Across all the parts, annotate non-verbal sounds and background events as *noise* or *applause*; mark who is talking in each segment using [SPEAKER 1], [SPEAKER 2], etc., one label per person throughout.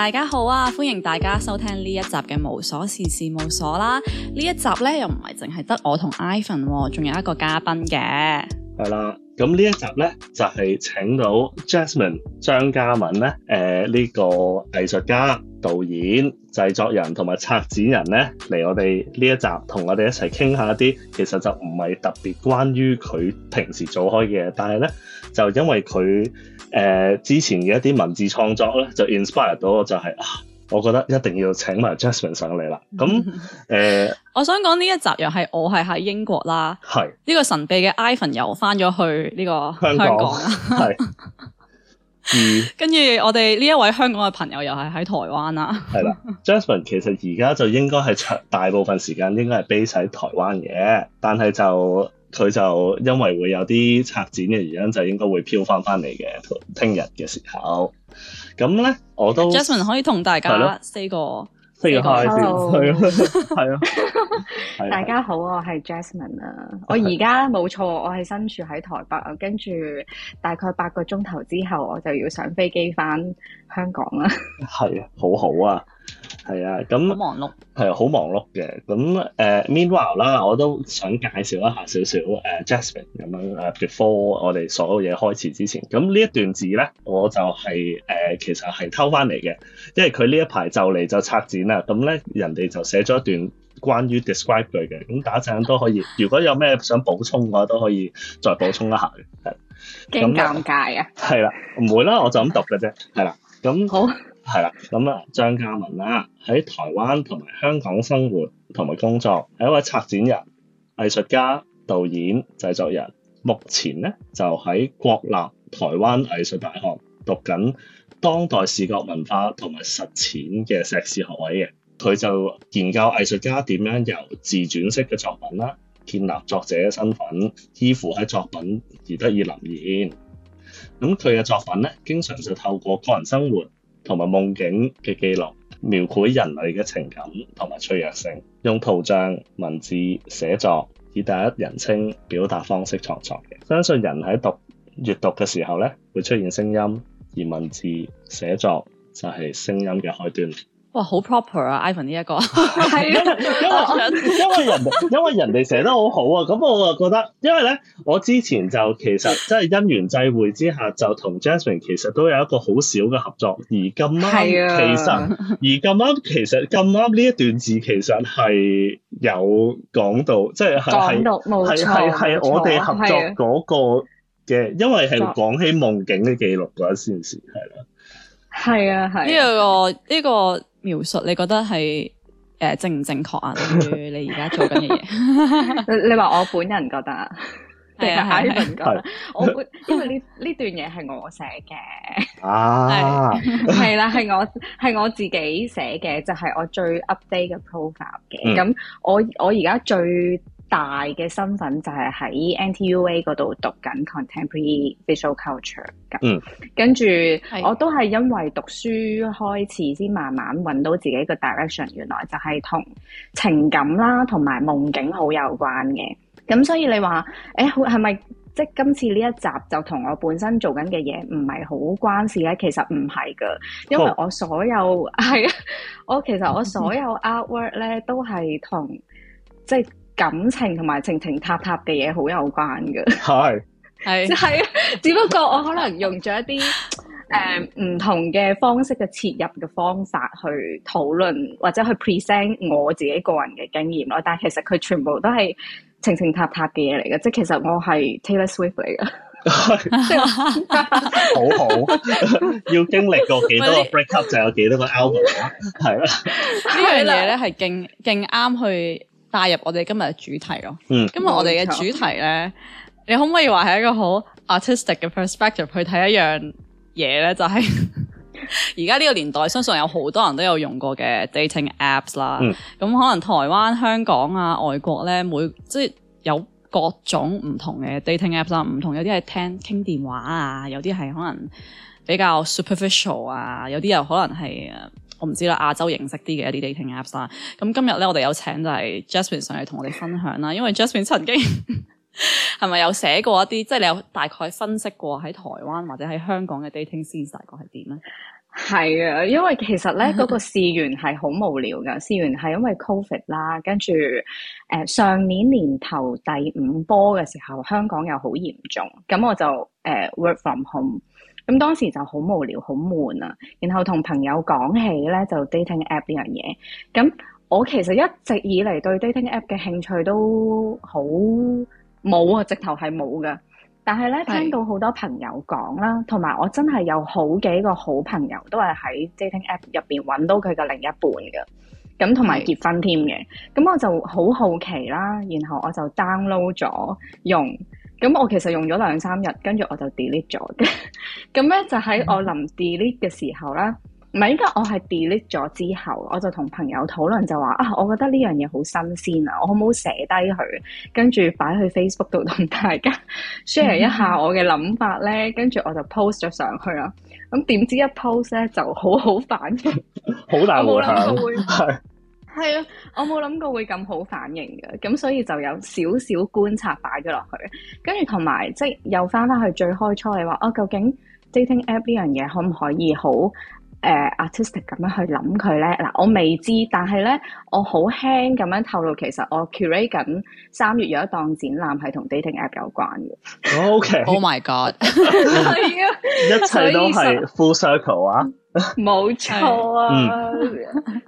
[SPEAKER 1] 大家好啊！歡迎大家收聽呢一集嘅無瑣事事務所啦。呢一集咧又唔係淨係得我同 Ivan，仲有一個嘉賓嘅。
[SPEAKER 2] 係啦，咁呢一集咧就係請到 Jasmine 張嘉敏咧，誒呢個藝術家、導演、製作人同埋策展人咧嚟我哋呢一集同我哋一齊傾下啲其實就唔係特別關於佢平時做開嘅嘢，但係咧就因為佢。誒、呃，之前嘅一啲文字創作咧，就 inspire 到就係、是啊，我覺得一定要請埋 Jasmine 上嚟啦。咁、嗯、誒，嗯呃、
[SPEAKER 1] 我想講呢一集又係我係喺英國啦，係呢是個神秘嘅 Ivan 又返咗去呢個香港，
[SPEAKER 2] 係。 *laughs* 嗯。
[SPEAKER 1] 跟住我哋呢一位香港嘅朋友又係喺台灣啦。係 *laughs* 啦
[SPEAKER 2] ，Jasmine 其實而家就應該係大部分時間應該係 base 喺台灣嘅，但係就。佢就因為會有啲策展嘅原因，就應該會飄翻翻嚟嘅。聽日嘅時候，咁咧我都。Jasmine 可
[SPEAKER 1] 以同大家<了 >say hi
[SPEAKER 2] say hi 開先，係啊，係啊。大
[SPEAKER 3] 家好，我係 Jasmine 啊。我而家冇錯，我係身處喺台北啊。跟住大概八個鐘頭之後，我就要上飛機翻香港啦。
[SPEAKER 2] 係 *laughs* 啊，好好啊。係啊，咁好忙碌，係啊，好忙碌嘅。咁誒，meanwhile 啦，我都想介紹一下少少誒、呃、，Jasmine 咁樣誒、啊、，before 我哋所有嘢開始之前，咁呢一段字咧，我就係、是、誒、呃，其實係偷翻嚟嘅，因為佢呢一排就嚟就拆展啦。咁咧，人哋就寫咗一段關於 describe 佢嘅。咁打陣都可以， *laughs* 如果有咩想補充嘅話，都可以再補充一下嘅。係，
[SPEAKER 3] 咁尷尬啊？
[SPEAKER 2] 係啦，唔會啦，我就咁讀嘅啫。係啦，咁好。 *laughs* *laughs* 係啦，咁啊，張嘉敏啦，喺台灣同埋香港生活同埋工作，係一位策展人、藝術家、導演、製作人。目前咧就喺國立台灣藝術大學讀緊當代視覺文化同埋實踐嘅碩士學位嘅。佢就研究藝術家點樣由自傳式嘅作品啦，建立作者嘅身份，依附喺作品而得以林演。咁佢嘅作品咧，經常就透過個人生活。同埋夢境嘅記錄，描繪人類嘅情感同埋脆弱性，用圖像、文字寫作以第一人稱表達方式創作嘅。相信人喺讀、閲讀嘅時候呢，會出現聲音，而文字寫作就係、是、聲音嘅開端。
[SPEAKER 1] 哇，好 proper 啊
[SPEAKER 2] ！Ivan 呢一個，因為因為因為人因為人哋寫得好好啊，咁我就覺得，因為咧我之前就其實即係因緣際會之下，就同 Jasmine 其實都有一個好少嘅合作，而咁啱其實而咁啱其實咁啱呢一段字其實係有講到，即係係係係我哋合作嗰個嘅，因為係講起夢境嘅記錄嗰一先時係啦，係啊係呢個
[SPEAKER 1] 呢個。描述你覺得係誒、呃、正唔正確啊？跟住 *laughs* 你而家做緊嘅嘢，你你話我本人覺得定係阿雲覺
[SPEAKER 3] 得？我因為呢呢段嘢係我寫嘅，係係啦，係我係我自己寫嘅，就係、係、我最 update 嘅 profile 嘅。咁、嗯、我我而家最。大嘅身份就係喺 NTUA 度讀緊 Contemporary Visual Culture 噶，嗯，跟住我都係因為讀書開始，先慢慢揾到自己個 direction，原來就係同情感啦，同埋夢境好有關嘅。咁所以你話，誒，係咪即係今次呢一集就同我本身做緊嘅嘢唔係好關事咧？其實唔係噶，因為我所有係啊，哦、 *laughs* 我其實我所有 artwork 咧都係同即係。感情同埋情情塌塌嘅嘢好有關嘅。係係係，只不過我可能用咗一啲誒唔同嘅方式嘅切入嘅方法去討論或者去 present 我自己個人嘅經驗咯。但係其實佢全部都係情情塌塌嘅嘢嚟嘅，即係其實我係 Taylor Swift 嚟嘅，
[SPEAKER 2] 好好要經歷過幾多個 breakup 就有幾多個 out 係啦。
[SPEAKER 1] 呢樣嘢咧係勁勁啱去，帶入我哋今日嘅主題咯。嗯、今日我哋嘅主題咧，冇錯。你可唔可以話係一個好 artistic 嘅 perspective 去睇一樣嘢咧？就係而家呢個年代，相信有好多人都有用過嘅 dating apps 啦。咁、嗯、可能台灣、香港啊、外國咧，每即係有各種唔同嘅 dating apps 啦。唔同有啲係聽傾電話啊，有啲係可能比較 superficial 啊，有啲又可能係。我唔知啦，亞洲認識啲嘅一啲 dating apps 啦。咁今日咧，我哋有請就係 Jasmine 上嚟同我哋分享啦。因為 Jasmine 曾經係 *laughs* 咪有寫過一啲，即係你有大概分析過喺台灣或者喺香港嘅 dating scene 大概係點咧？係啊，因為其實咧嗰個事源係好無聊嘅
[SPEAKER 3] 事源，係 *laughs* 因為 covid 啦，跟住誒上年年頭第五波嘅時候，香港又好嚴重，咁我就誒、呃、work from home。咁當時就好無聊、好悶啊！然後同朋友講起咧，就 dating app 呢樣嘢。咁我其實一直以嚟對 dating app 嘅興趣都好冇啊，直頭係冇嘅。但係咧是聽到好多朋友講啦，同埋我真係有好幾個好朋友，都係喺 dating app 入邊揾到佢嘅另一半嘅。咁同埋結婚添嘅。咁我就好好奇啦，然後我就 download 咗用。咁我其實用咗兩三日，跟住我就 delete 咗嘅。咁 *laughs* 咧就喺我臨 delete 嘅時候啦，唔係應該我係 delete 咗之後，我就同朋友討論就話啊，我覺得呢樣嘢好新鮮啊，我可唔可以寫低佢，跟住擺去 Facebook 度同大家 share 一下我嘅諗法咧，跟住、mm hmm. 我就 post 咗上去啦。咁點知一 post 咧就好好反應，
[SPEAKER 2] 好 *laughs* 大回響， *laughs*
[SPEAKER 3] 係啊，我冇諗過會咁好反應嘅，咁所以就有少少觀察擺咗落去，跟住同埋即係又返返去最開初，你話啊，究竟 dating app 呢樣嘢，可唔可以好誒、呃、artistic 咁樣去諗佢咧？嗱、啊，我未知，但係咧，我好輕咁樣透露，其實我 curate 緊三月有一檔展覽係同 dating app 有關
[SPEAKER 2] 嘅。Okay，Oh my god，
[SPEAKER 3] 係啊，一切都係
[SPEAKER 2] full circle 啊！
[SPEAKER 3] 冇錯 *laughs* 啊，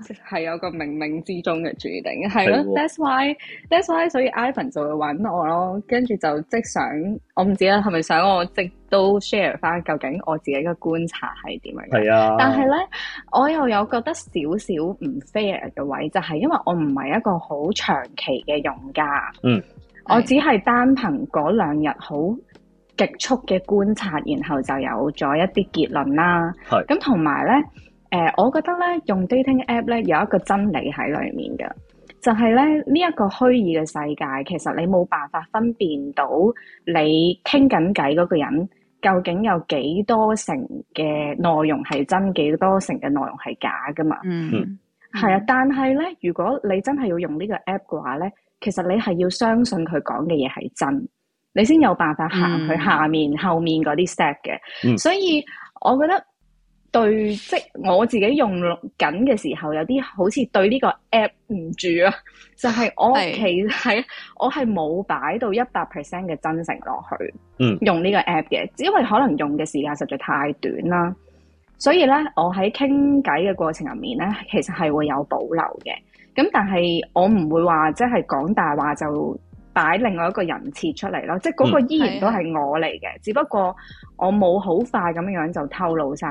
[SPEAKER 3] 係是 *laughs* 有個冥冥之中嘅注定，係咯、啊。是的 That's why，that's why，所以 Ivan 就會揾我咯，跟住就即想，我唔知咧係咪想我即都 share 翻究竟我自己嘅觀察係點樣。係是啊，但係咧，我又有覺得少少唔 fair 嘅位，就係、是、因為我唔係一個好長期嘅用家，嗯，我只係單憑嗰兩日好，極速嘅觀察，然後就有咗一啲結論啦。咁同埋咧，誒、呃，我覺得咧，用 dating app 咧有一個真理喺裡面嘅，就係、是、咧呢一、這個虛擬嘅世界，其實你冇辦法分辨到你傾緊偈嗰個人究竟有幾多成嘅內容係真，幾多成嘅內容係假㗎嘛？嗯，係啊。但係咧，如果你真係要用呢個 app 嘅話咧，其實你係要相信佢講嘅嘢係真。你先有辦法行去下面、嗯、後面嗰啲 step 嘅，嗯、所以我覺得對，即我自己用緊嘅時候，有啲好似對呢個 app 唔住啊，就係、是、我其實是我係冇擺到一百 percent 嘅真誠落去，嗯、用呢個 app 嘅，只因為可能用嘅時間實在太短啦。所以咧，我喺傾偈嘅過程入面咧，其實係會有保留嘅。咁但係我唔會話即係講大話就。擺另外一個人設出嚟咯，即係嗰個依然都係我嚟嘅，嗯、只不過我冇好快咁樣就透露晒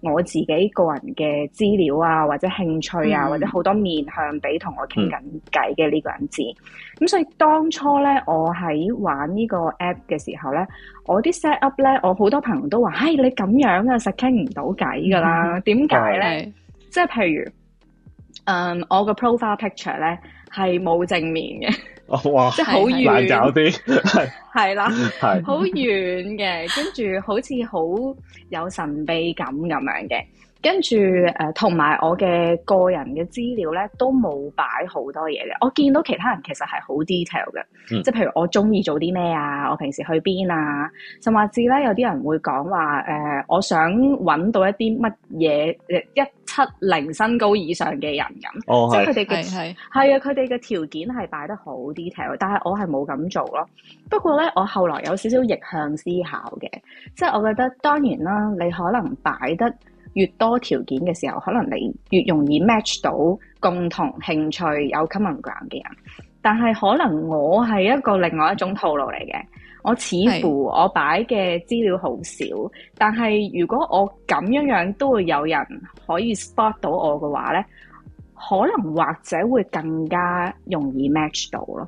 [SPEAKER 3] 我自己個人嘅資料啊，或者興趣啊，嗯、或者好多面向俾同我傾緊偈嘅呢個人知。咁、嗯、所以當初咧，我喺玩呢個 app 嘅時候咧，我啲 set up 咧，我好多朋友都話：唉、哎，你咁樣啊，實傾唔到偈噶啦，點解咧？呢對即係譬如，嗯、um，我個 profile picture 咧係冇正面嘅。
[SPEAKER 2] 哦，哇即係好遠，難搞啲，係
[SPEAKER 3] 係
[SPEAKER 4] 啦，
[SPEAKER 2] 係好
[SPEAKER 3] 遠嘅，跟住好似好有神秘感咁樣嘅。跟住誒，同、呃、埋我嘅個人嘅資料咧，都冇擺好多嘢嘅。我見到其他人其實係好 detail 嘅，嗯、即係譬如我中意做啲咩啊，我平時去邊啊。甚至咧，有啲人會講話誒，我想揾到一啲乜嘢，一七零身高以上嘅人咁。哦，即係佢哋嘅，係，係係係啊，佢哋嘅條件係擺得好 detail，但係我係冇咁做咯。不過咧，我後來有少少逆向思考嘅，即係我覺得當然啦，你可能擺得。越多條件嘅時候，可能你越容易 match 到共同興趣有 common ground 嘅人。但係可能我係一個另外一種套路嚟嘅，我似乎我擺嘅資料好少，是但係如果我咁樣樣都會有人可以 spot 到我嘅話咧，可能或者會更加容易 match 到咯。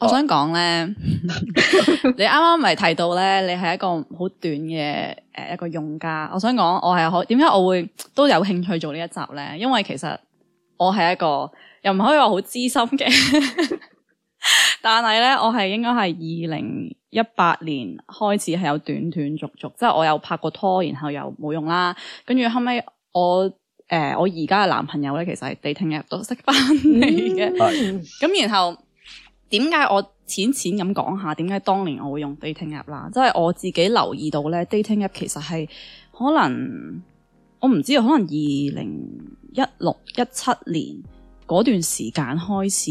[SPEAKER 3] 我想講咧 *laughs* ，
[SPEAKER 1] 你啱啱咪提到咧，你係一個好短嘅，誒、呃、一個用家。我想講，我係好點解我會都有興趣做呢一集咧？因為其實我係一個又唔可以話好資深嘅， *laughs* 但係咧我係應該係二零一八年開始係有斷斷續續，即、就、係、是、我有拍過拖，然後又冇用啦。跟住後尾，我誒我而家嘅男朋友咧，其實係 dating 入到識翻你嘅，咁、嗯、 *laughs* 然後。點解我淺淺咁講下？點解當年我會用 dating app 啦？即係我自己留意到咧，dating app 其實係可能我唔知啊，可能二零一六一七年。嗰段時間開始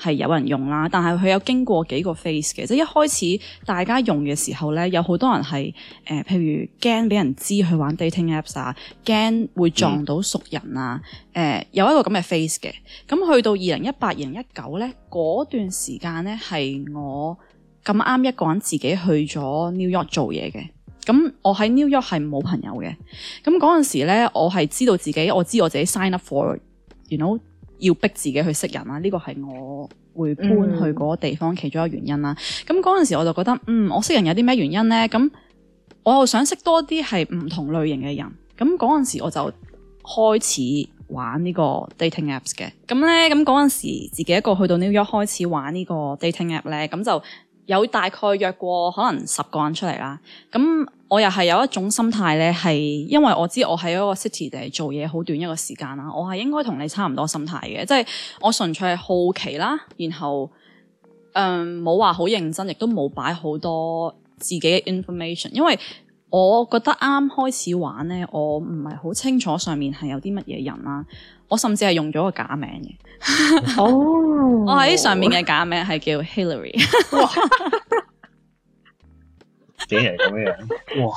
[SPEAKER 1] 係有人用啦，但係佢有經過幾個 phase 嘅，即係一開始大家用嘅時候呢，有好多人係誒、呃，譬如驚俾人知去玩 dating apps 啊，驚會撞到熟人啊，誒、呃、有一個咁嘅 phase 嘅。咁去到二零一八、二零一九呢，嗰段時間呢係我咁啱一個人自己去咗 New York 做嘢嘅。咁我喺 New York 係冇朋友嘅。咁嗰陣時呢，我係知道自己，我知我自己 sign up for you know。要逼自己去識人啦，呢個係我會搬去嗰個地方其中一個原因啦。咁嗰陣時我就覺得，嗯，我識人有啲咩原因呢？咁我又想識多啲係唔同類型嘅人。咁嗰陣時我就開始玩呢個 dating apps 嘅。咁呢，咁嗰陣時自己一個去到 New York，開始玩呢個 dating app 呢。咁就。有大概約過可能十個人出嚟啦，咁我又係有一種心態咧，係因為我知我喺一個 city 嚟做嘢好短一個時間啦，我係應該同你差唔多心態嘅，即係我純粹係好奇啦，然後誒冇話好認真，亦都冇擺好多自己嘅 information，因為。我覺得啱開始玩咧，我唔係好清楚上面係有啲乜嘢人啦。我甚至係用咗個假名嘅。哦、 *laughs* oh.，我喺上面嘅假名係叫 Hillary。
[SPEAKER 2] 竟然咁樣，
[SPEAKER 1] 哇！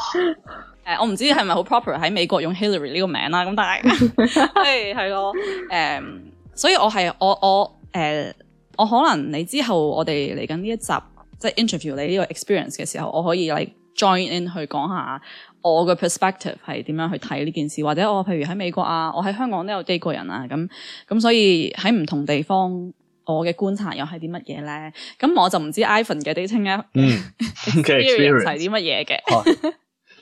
[SPEAKER 1] 誒，我唔知係咪好 proper 喺美國用 Hillary 呢個名啦。咁但係係係咯，誒、 *laughs* *laughs* 嗯，所以我係我我誒、呃，我可能你之後我哋嚟緊呢一集即係、就是、interview 你呢個 experience 嘅時候，我可以嚟。join in 去講下我嘅 perspective 係點樣去睇呢件事，或者我、哦、譬如喺美國啊，我喺香港都有 d a t i 人啊，咁咁所以喺唔同地方我嘅觀察又係啲乜嘢咧？咁我就唔知 i p h o n e 嘅
[SPEAKER 2] dating e x p e 係啲乜嘢嘅。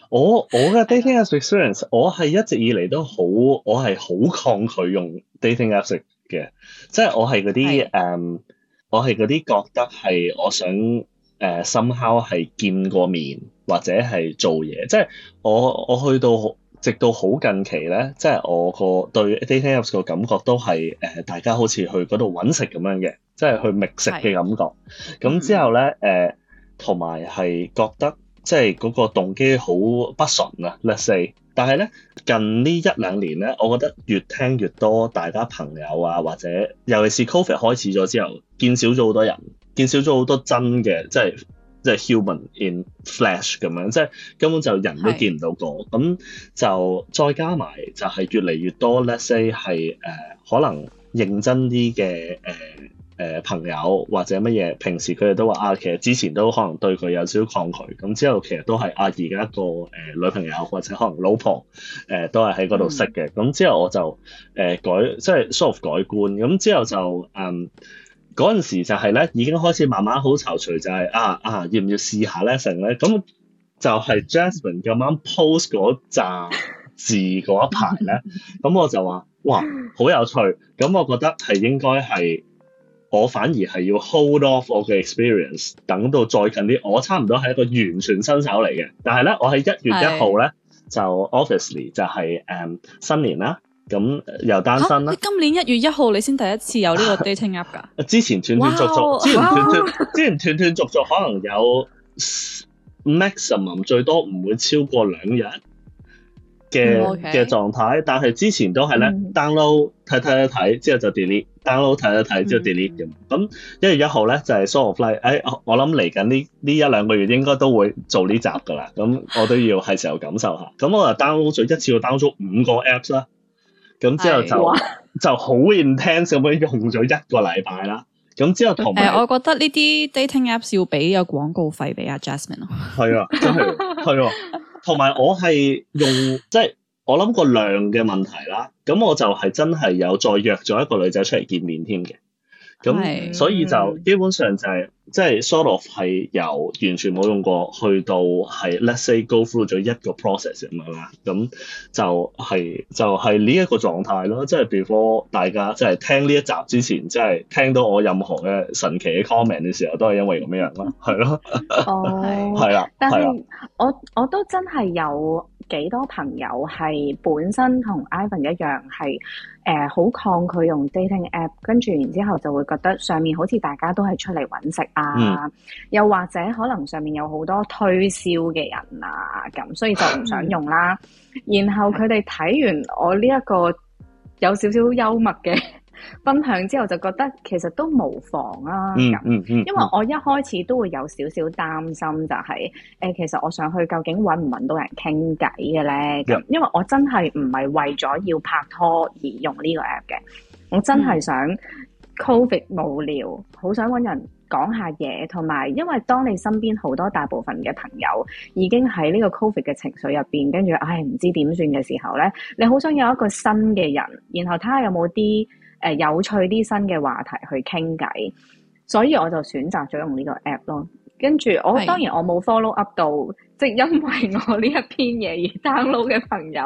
[SPEAKER 2] 我 *laughs* 我嘅 dating e x p e r i 我係一直以嚟都好，我係好抗拒用 dating apps 嘅，即係我係嗰啲誒，的 um, 我係嗰啲覺得係我想。誒，深烤係見過面或者係做嘢，即係我我去到直到好近期咧，即係我個對 dating apps 個感覺都係誒、呃，大家好似去嗰度揾食咁樣嘅，即係去覓食嘅感覺。咁是之後咧，誒同埋係覺得即係嗰個動機好不純啊。Let's say，但係咧近呢一兩年咧，我覺得越聽越多，大家朋友啊或者尤其是 COVID 開始咗之後，見少咗好多人。減少咗好多真嘅，即係即係 human in flesh 咁樣，即係根本就人都見唔到個，咁是就再加埋就係越嚟越多，let's say 係誒、呃、可能認真啲嘅誒誒朋友或者乜嘢，平時佢哋都話啊，其實之前都可能對佢有少少抗拒，咁之後其實都係啊，而家一個誒、呃、女朋友或者可能老婆誒、呃、都係喺嗰度識嘅，咁、嗯、之後我就誒、呃、改即係 sort of 改觀，咁之後就嗯。嗰陣時就係咧已經開始慢慢好躊躇，就係、是、啊啊，啊，要唔要試下咧成咧？咁就係 Jasmine 咁啱 post 嗰扎字嗰一排咧，咁 *laughs* 我就話：哇，好有趣！咁我覺得係應該係我反而係要 hold off 我嘅 experience，等到再近啲。我差唔多係一個完全新手嚟嘅，但係咧，我喺一月一號咧就 obviously 就係、是、誒、um, 新年啦。咁又單身啦！啊、
[SPEAKER 1] 今年一月一號你先第一次有呢個 dating app 㗎？
[SPEAKER 2] 啊，之前斷斷續續，Wow! 之前斷斷之前斷斷續續可能有 maximum 最多唔會超過兩日嘅嘅狀態，但係之前都係咧、嗯、download 睇睇睇，之後、嗯、就 delete；download、是、睇睇睇，之後 delete 咁。咁一月一號咧就係 soul flight、哎。誒，我我諗嚟緊呢呢一兩個月應該都會做呢集㗎啦。咁我都要係時候感受下。咁 *laughs* 我就 download 咗一次，就 download 咗五個 apps 啦。咁之後就 *laughs* 就好 intense 咁樣用咗一個禮拜啦。咁之後同誒、呃，我
[SPEAKER 1] 覺得呢啲 dating apps 要俾個廣告費俾阿 Jasmine 咯。
[SPEAKER 2] 係啊，真係係啊。同埋我係用即係、就是、我諗個量嘅問題啦。咁我就係真係有再約咗一個女仔出嚟見面添嘅。
[SPEAKER 1] 咁那是所以
[SPEAKER 2] 就基本上就係、是、是即係 sort of 係由完全冇用過去到係 let's say go through 咗一個 process 咁樣啦，咁就係、是、就係呢一個狀態咯。即係 before 大家即係聽呢一集之前，即係聽到我任何嘅神奇嘅 comment 嘅時候，都係因為咁樣咯，係咯，
[SPEAKER 3] 哦，係啦。但係我我都真係有。幾多朋友係本身同 Ivan 一樣，係誒好抗拒用 dating app，跟住然之後就會覺得上面好似大家都係出嚟揾食啊，嗯、又或者可能上面有好多推銷嘅人啊，咁所以就唔想用啦。嗯、然後佢哋睇完我呢一個有少少幽默嘅。 *laughs* 分享之後就覺得其實都無妨啊，嗯嗯嗯，嗯
[SPEAKER 5] 嗯，因為我
[SPEAKER 3] 一開始都會有少少擔心就係、是，誒、欸、其實我上去究竟搵唔搵到人傾偈嘅咧？嗯、因為我真係唔係為咗要拍拖而用呢個 app 嘅，我真係想 Covid 無聊，好想搵人講下嘢，同埋因為當你身邊好多大部分嘅朋友已經喺呢個 Covid 嘅情緒入邊，跟住唉唔知點算嘅時候咧，你好想有一個新嘅人，然後睇下有冇啲。誒、呃、有趣啲新嘅話題去傾偈，所以我就選擇咗用呢個 app 咯。跟住我是當然我冇 follow up 到即係、就是、因為我呢一篇嘢而 download 嘅朋友，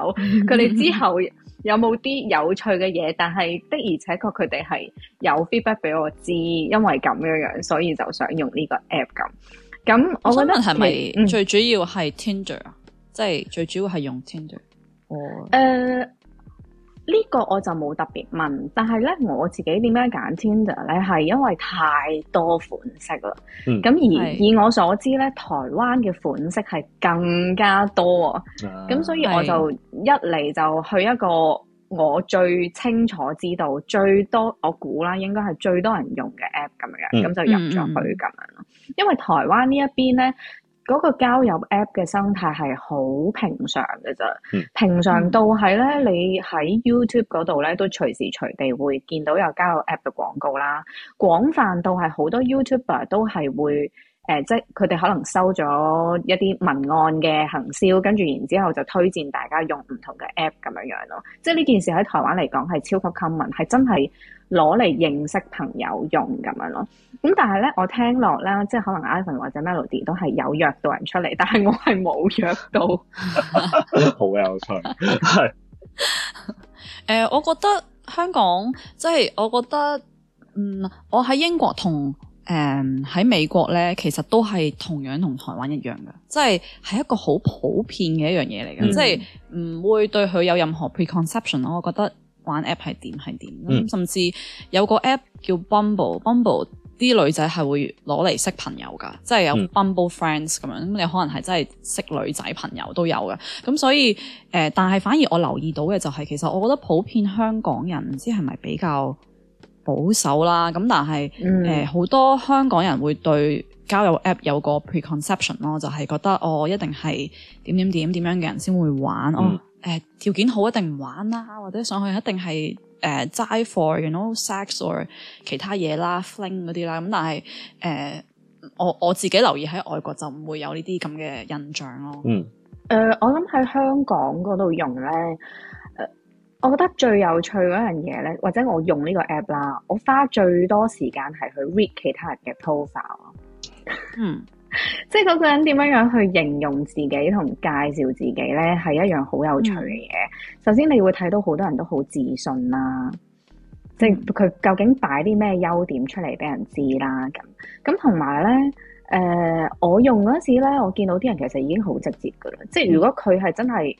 [SPEAKER 3] 佢哋之後有冇啲有，有趣嘅嘢？ *laughs* 但係的而且確佢哋係有 feedback 俾我知，因為咁樣樣，所以就想用呢個 app 咁。咁
[SPEAKER 1] 我覺得係咪、嗯、最主要係 Tinder 啊？即係最主要係用 Tinder 哦。
[SPEAKER 3] 誒。Uh, 呢個我就冇特別問，但係咧我自己點樣揀 Tinder 咧，係因為太多款式啦。咁、嗯、而是以我所知咧，台灣嘅款式係更加多啊。
[SPEAKER 5] 咁所以我就
[SPEAKER 3] 一嚟就去一個我最清楚知道是最多，我估啦應該係最多人用嘅 app 咁樣、嗯，咁就入咗去咁樣咯。因為台灣呢一邊咧。嗰個交友 App 嘅生態係好平常嘅咋， *noise* 平常到係咧，你喺 YouTube 嗰度咧都隨時隨地會見到有交友 App 嘅廣告啦，廣泛到係好多 YouTuber 都係會。誒、呃，即係佢哋可能收咗一啲文案嘅行銷，跟住然之後就推薦大家用唔同嘅 app 咁樣樣咯。即係呢件事喺台灣嚟講係超級 common，係真係攞嚟認識朋友用咁樣咯。咁、嗯、但係咧，我聽落咧，即係可能 Ivan 或者 Melody 都係有約到人出嚟，但係我係冇約到。
[SPEAKER 2] 好有趣，
[SPEAKER 1] 係。誒，我覺得香港即係，我覺得，嗯，我喺英國同。誒喺、um, 美國咧，其實都係同樣同台灣一樣嘅，即係係一個好普遍嘅一樣嘢嚟嘅。嗯、即係唔會對佢有任何 preconception 咯。我覺得玩 app 係點係點，嗯、甚至有個 app 叫 Bumble，Bumble 啲女仔係會攞嚟識朋友噶，即係有 Bumble friends 咁樣，嗯、你可能係真係識女仔朋友都有嘅。咁所以誒、呃，但係反而我留意到嘅就係、是，其實我覺得普遍香港人唔知係咪比較。保守啦，咁但係誒好多香港人會對交友 App 有個 preconception 咯，就係、是、覺得我、哦、一定係點點點點樣嘅人先會玩、嗯、哦。誒、呃、條件好一定唔玩啦，或者上去一定係誒齋 for you know sex or 其他嘢啦，fling 嗰啲啦。咁但係誒、呃、我我自己留意喺外國就唔會有呢啲咁嘅印象咯。
[SPEAKER 5] 嗯，
[SPEAKER 3] 誒、呃、我諗喺香港嗰度用咧。我覺得最有趣嗰樣嘢咧，或者我用呢個 app 啦，我花最多時間係去 read 其他人嘅 profile。嗯， *laughs* 即係嗰個人點樣樣去形容自己同介紹自己咧，係一樣好有趣嘅嘢。嗯、首先，你會睇到好多人都好自信啦，嗯、即係佢究竟擺啲咩優點出嚟俾人知啦。咁咁同埋咧，誒、呃，我用嗰陣時咧，我見到啲人其實已經好直接噶啦。即係如果佢係真係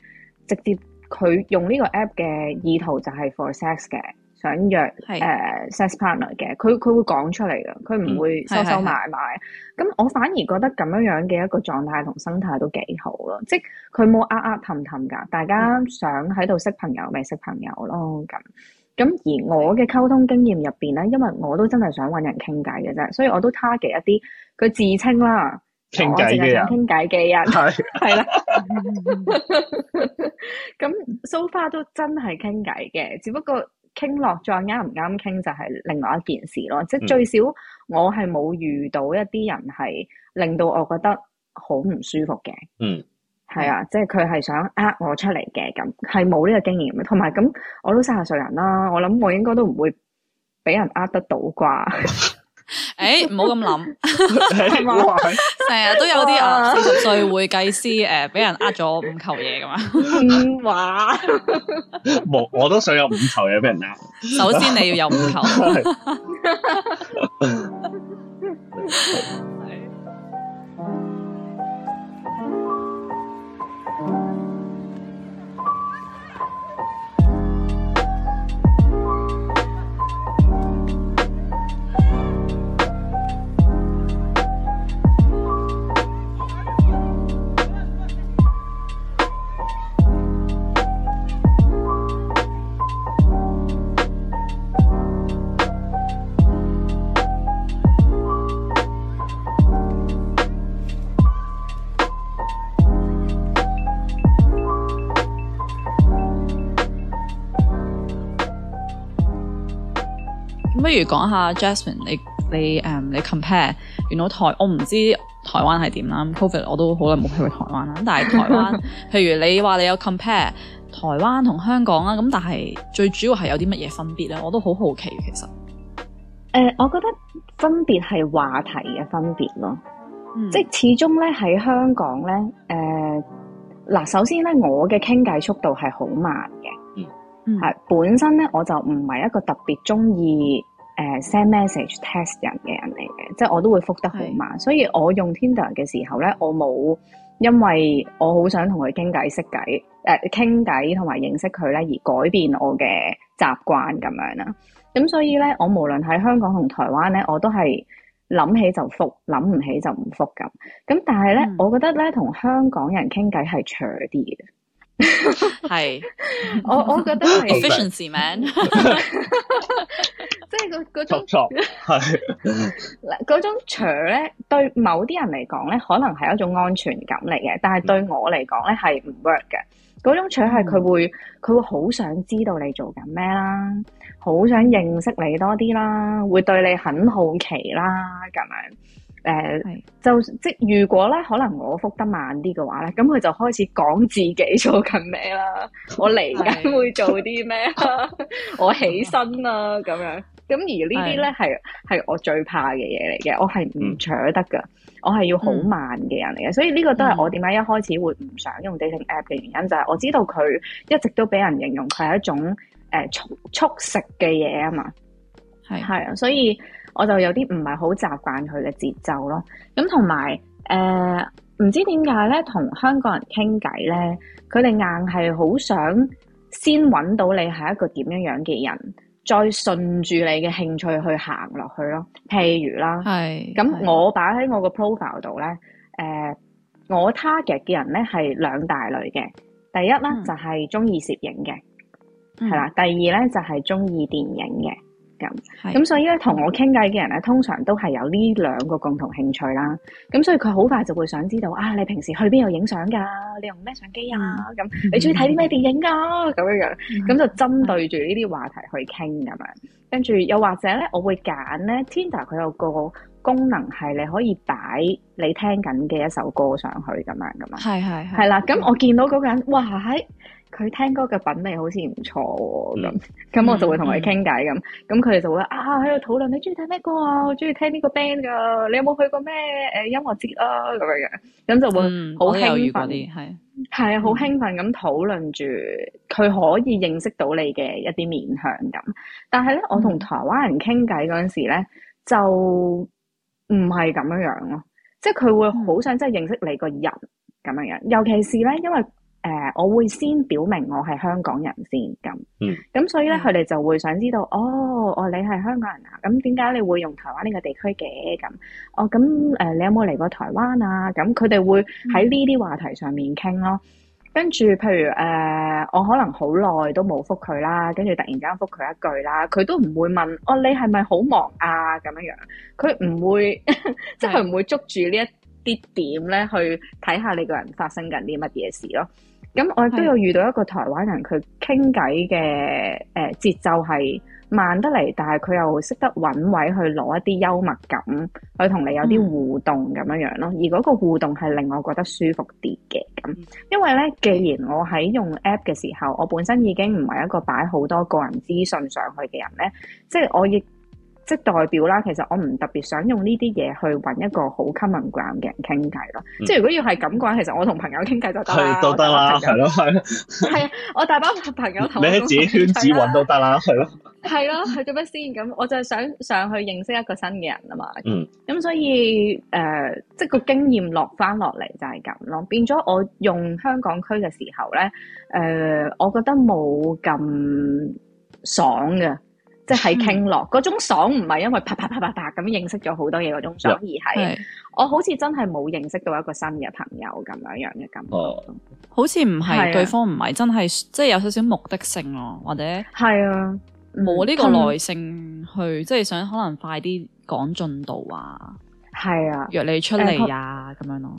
[SPEAKER 3] 直接。佢用呢個 app 嘅意圖就係 for sex 嘅，想約誒的、呃、sex partner 嘅，佢佢會講出嚟嘅，佢唔會收收埋埋。咁、嗯、我反而覺得咁樣樣嘅一個狀態同生態都幾好咯，即係佢冇呃呃氹氹㗎，大家想喺度識朋友咪識朋友咯。咁咁而我嘅溝通經驗入邊咧，因為我都真係想揾人傾偈嘅啫，所以我都 target 一啲佢自稱啦。我淨係想傾偈嘅人係係啦，咁 so far 都真係傾偈嘅，只不過傾落再啱唔啱傾就係、是、另外一件事咯。即係最少我係冇遇到一啲人係令到我覺得好唔舒服嘅。嗯，係啊，即係佢係想呃我出嚟嘅，咁係冇呢個經驗。同埋咁，我都三十歲人啦，我諗我應該都唔會俾人呃得到啩。 *laughs*
[SPEAKER 1] 誒，唔好咁諗，成日、欸、 *laughs* 都有啲哇啊，四十歲會計師誒，俾、呃、人呃咗五球嘢㗎嘛、嗯？哇！
[SPEAKER 2] 冇 *laughs* 我，我都想有五球嘢俾人呃。
[SPEAKER 1] 首先你要有五球。不如講下 Jasmine，你你誒、嗯，你 compare，原來台我唔知台灣係點啦。Covid 我都好耐冇去過台灣啦，但係台灣，譬 *laughs* 如你話你有 compare 台灣同香港啦，咁但係最主要係有啲乜嘢分別咧？我都好好奇其實。誒、呃，我覺得分別係話題嘅分別咯。嗯、即係
[SPEAKER 3] 始終咧喺香港咧，誒，嗱，首先咧我嘅傾偈速度係好慢嘅、嗯，嗯，係本身咧我就唔係一個特別中意誒、uh, send message test 人嘅人嚟嘅，即係我都會覆得好慢，是所以我用 Tinder 嘅時候咧，我冇因為我好想同佢傾偈識偈，誒傾偈同埋認識佢咧而改變我嘅習慣咁樣啦。咁所以咧，我無論喺香港同台灣咧，我都係諗起就覆，諗唔起就唔覆咁。咁但係咧，嗯、我覺得咧，同香港人傾偈係長啲嘅。
[SPEAKER 1] 係， *laughs* 我我覺得
[SPEAKER 3] 係，efficiency
[SPEAKER 1] man，即係
[SPEAKER 2] 嗰種，係
[SPEAKER 3] 嗱，嗰種 chur 咧，對某啲人嚟講咧，可能係一種安全感嚟嘅，但係對我嚟講咧係唔 work 嘅，嗰種 chur 係佢會，佢會好想知道你做緊咩啦，好想認識你多啲啦，會對你很好奇啦，咁樣。誒，uh, 是就即如果咧，可能我覆得慢啲嘅話咧，咁佢就開始講自己做緊咩啦， *laughs* 我嚟緊會做啲咩， *laughs* *laughs* 我起身啦咁樣。咁 *laughs* 而呢啲咧係係我最怕嘅嘢嚟嘅，我係唔搶得噶，我係要好慢嘅人嚟嘅，所以呢個都係我點解一開始會唔想用 dating app 嘅原因，就係、是、我知道佢一直都俾人形容佢係一種誒速速食嘅嘢啊嘛，係係啊，所以。我就有啲唔係好習慣佢嘅節奏咯，咁同埋誒唔知點解咧，同香港人傾偈咧，佢哋硬係好想先揾到你係一個點樣樣嘅人，再順住你嘅興趣去行落去咯。譬如啦，係咁我擺喺我個 pro f i l eprofile 度咧，誒我 target 嘅人咧係兩大類嘅，第一咧就係中意攝影嘅，係啦，第二咧就係中意電影嘅。咁，嗯、所以咧，同我傾偈嘅人咧，通常都係有呢兩個共同興趣啦。咁所以佢好快就會想知道啊，你平時去邊度影相噶？你用咩相機啊？咁、嗯、你中意睇啲咩電影噶？咁樣、嗯、樣，咁就針對住呢啲話題去傾咁樣。跟住、嗯、又或者咧，的我會揀咧，Tinder 佢有個功能係你可以擺你聽緊嘅一首歌上去咁樣咁樣。
[SPEAKER 5] 係係係啦，咁我
[SPEAKER 3] 見到嗰個人：「哇，喺。佢聽歌嘅品味好似唔錯喎，咁咁我就會同佢傾偈咁，咁佢哋就會啊喺度討論你中意聽咩歌啊，我中意聽呢個 band 㗎，你有冇去過咩誒音樂節啊咁樣樣，咁就會好興奮，係係啊，好興奮咁討論住佢可以認識到你嘅一啲面向咁。但係咧，我同台灣人傾偈嗰陣時咧，就唔係咁樣樣咯，即係佢會好想即係認識你個人咁樣樣，尤其是咧，因為。誒，uh, 我會先表明我係香港人先，咁，咁所以咧，佢哋就會想知道，哦、嗯，哦，你係香港人啊，咁點解你會用台灣呢個地區嘅？咁，哦，咁誒、呃，你有冇嚟過台灣啊？咁佢哋會喺呢啲話題上面傾咯。跟、嗯、住，譬如誒、呃，我可能好耐都冇覆佢啦，跟住突然間覆佢一句啦，佢都唔會問，哦，你係咪好忙啊？咁樣樣，佢唔會，即係佢唔會捉住呢一啲點咧，去睇下你個人發生緊啲乜嘢事咯。
[SPEAKER 2] 咁我亦都有
[SPEAKER 3] 遇到一個台灣人，佢傾偈嘅誒節奏係慢得嚟，但係佢又識得揾位去攞一啲幽默感去同你有啲互動咁樣樣囉。嗯、而嗰個互動係令我覺得舒服啲嘅咁，因為咧，既然我喺用 app 嘅時候，我本身已經唔係一個擺好多個人資訊上去嘅人咧，即係我亦。即代表啦，其實我唔特別想用呢啲嘢去揾一個好 common ground 嘅人傾偈咯。嗯、即如果要係咁嘅話，其實我同朋友傾偈就得啦，係對就得啦，係咯
[SPEAKER 2] 係咯。係啊 *laughs* ，
[SPEAKER 3] 我大把朋友同，學同學你喺自己圈子揾都得啦，係咯。 *laughs* 係咯，係做咩先？咁我就係想上去認識一個新嘅人啊嘛。咁、嗯、所以誒，即、呃就是、個經驗落翻落嚟就係咁咯。變咗我用香港區嘅時候咧，誒、呃，我覺得冇咁爽嘅。即係傾落，嗰種爽唔係因為啪啪啪啪啪咁認識咗好多嘢、嗰種爽，而係我好似真係冇認識到一個新嘅朋友咁樣樣嘅感覺
[SPEAKER 1] ，uh, 好似唔係對方唔係真係即係有少少目的性咯，或者係啊，冇呢個耐性去即係、嗯、想可能快啲講進度啊，係啊，約你出嚟啊咁、uh, 樣
[SPEAKER 3] 咯，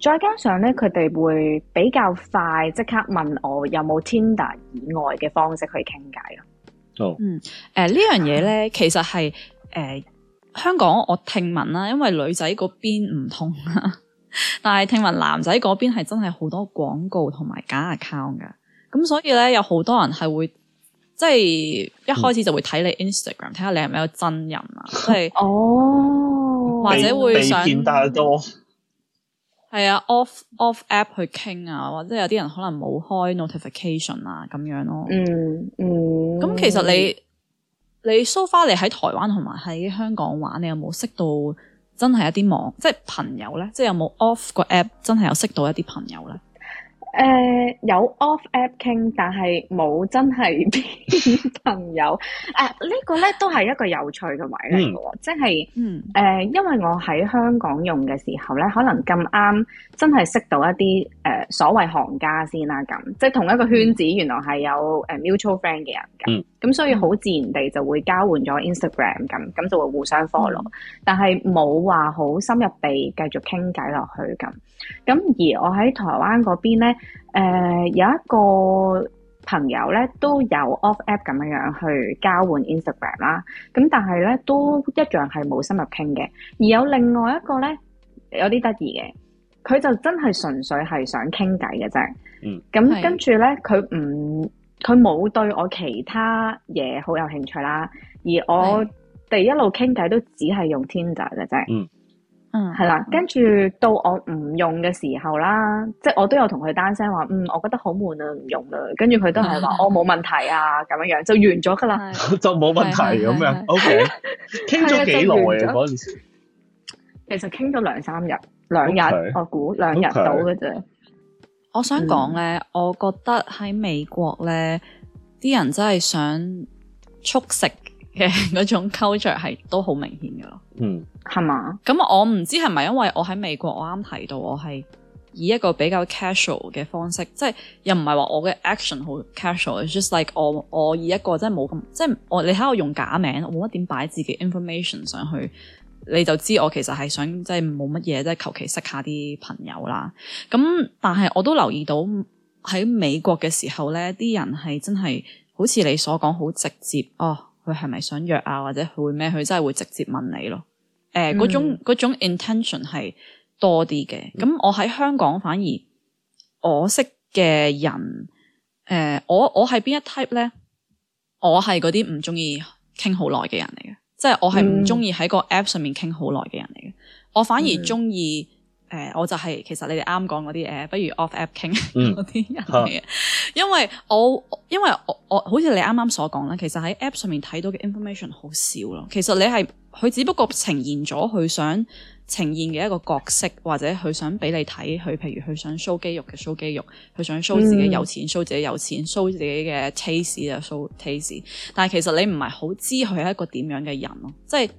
[SPEAKER 3] 再加上咧佢哋會比較快即刻問我有冇 Tinder 以外嘅方式去傾偈咯。
[SPEAKER 1] Oh. 嗯，誒、呃、呢樣嘢咧，其實係誒、呃、香港我聽聞啦，因為女仔嗰邊唔通，啊， *laughs* 但係聽聞男仔嗰邊係真係好多廣告同埋假 account 嘅，咁所以咧有好多人係會即係一開始就會睇你 Instagram 睇下、嗯、你係咪有真人啊，即
[SPEAKER 2] 係哦，或者會想見得多。
[SPEAKER 1] 係啊，off off app 去傾啊，或者有啲人可能冇開 notification 啊，咁樣咯。嗯嗯。咁、嗯、其實你你 so far 你喺台灣同埋喺香港玩，你有冇識到真係一啲網即係、就是、朋友咧？即、就、係、是、有冇 off 個 app 真係有識到一啲朋友咧？
[SPEAKER 3] 誒、呃、有 off app 傾，但係冇真係變朋友。誒、 *laughs* 啊這個、呢個咧都係一個有趣嘅位嚟嘅喎，即係誒因為我喺香港用嘅時候咧，可能咁啱真係識到一啲誒、呃、所謂行家先啦、啊，咁即係同一個圈子，嗯、原來係有誒 mutual friend 嘅人，咁、嗯、所以好自然地就會交換咗 Instagram 咁，咁就會互相 follow，嗯、但係冇話好深入地繼續傾偈落去咁。咁而我喺台灣嗰邊咧。呢誒、呃，有一個朋友咧都有 Off App 咁樣樣去交換 Instagram 啦，咁但係咧都一樣係冇深入傾嘅。而有另外一個咧有啲得意嘅，佢就真係純粹係想傾偈嘅啫。嗯，
[SPEAKER 5] 咁跟
[SPEAKER 3] 住咧，佢唔佢冇對我其他嘢好有興趣啦。而我哋是一路傾偈都只係用 Tinder 嘅啫。嗯。係啦， *noise* 嗯、跟住到我唔用嘅時候啦，即係我都有同佢單聲話，嗯，我覺得好悶啊，唔用啦。跟住佢都係話、嗯、我冇問題啊，咁樣樣就完咗噶啦，
[SPEAKER 2] *laughs* *laughs* 就冇問題咁、啊、 *noise* *noise* 樣。O K，
[SPEAKER 1] 傾咗幾耐啊嗰陣時？其實傾咗兩三日，兩日我估兩日到嘅啫。我，Okay. *noise* 我想講咧，我覺得喺美國咧，啲人，家人家真係想速食。嘅嗰種溝著係都好明顯嘅咯。嗯，係嘛？咁我唔知係咪因為我喺美國，我啱提到我係以一個比較 casual 嘅方式，即係又唔係話我嘅 action 好 casual，just *music* like 我我以一個即係冇咁即係我你喺度用假名冇乜點擺自己 information 上去，你就知我其實係想即係冇乜嘢，即係求其識下啲朋友啦。咁但係我都留意到喺美國嘅時候咧，啲人係真係好似你所講好直接哦。佢係咪想約啊？或者佢會咩？佢真係會直接問你咯。誒、呃，嗰種、嗯、嗰種 intention 係多啲嘅。咁我喺香港反而我識嘅人，誒、呃，我我係邊一 type 咧？我係嗰啲唔中意傾好耐嘅人嚟嘅，即係我係唔中意喺個 app 上面傾好耐嘅人嚟嘅。我反而中意。誒、呃，我就係、是、其實你哋啱講嗰啲誒，不如 off app 傾嗰啲人嚟嘅、嗯，因為我因為我我好似你啱啱所講啦，其實喺 app 上面睇到嘅 information 好少咯。其實你係佢只不過呈現咗佢想呈現嘅一個角色，或者佢想俾你睇，佢譬如佢想 show 肌肉嘅 show 肌肉，佢想 show 自己有錢、嗯、show 自己有錢 show 自己嘅 taste 啊 show taste，但係其實你唔係好知佢係一個點樣嘅人咯，即係誒。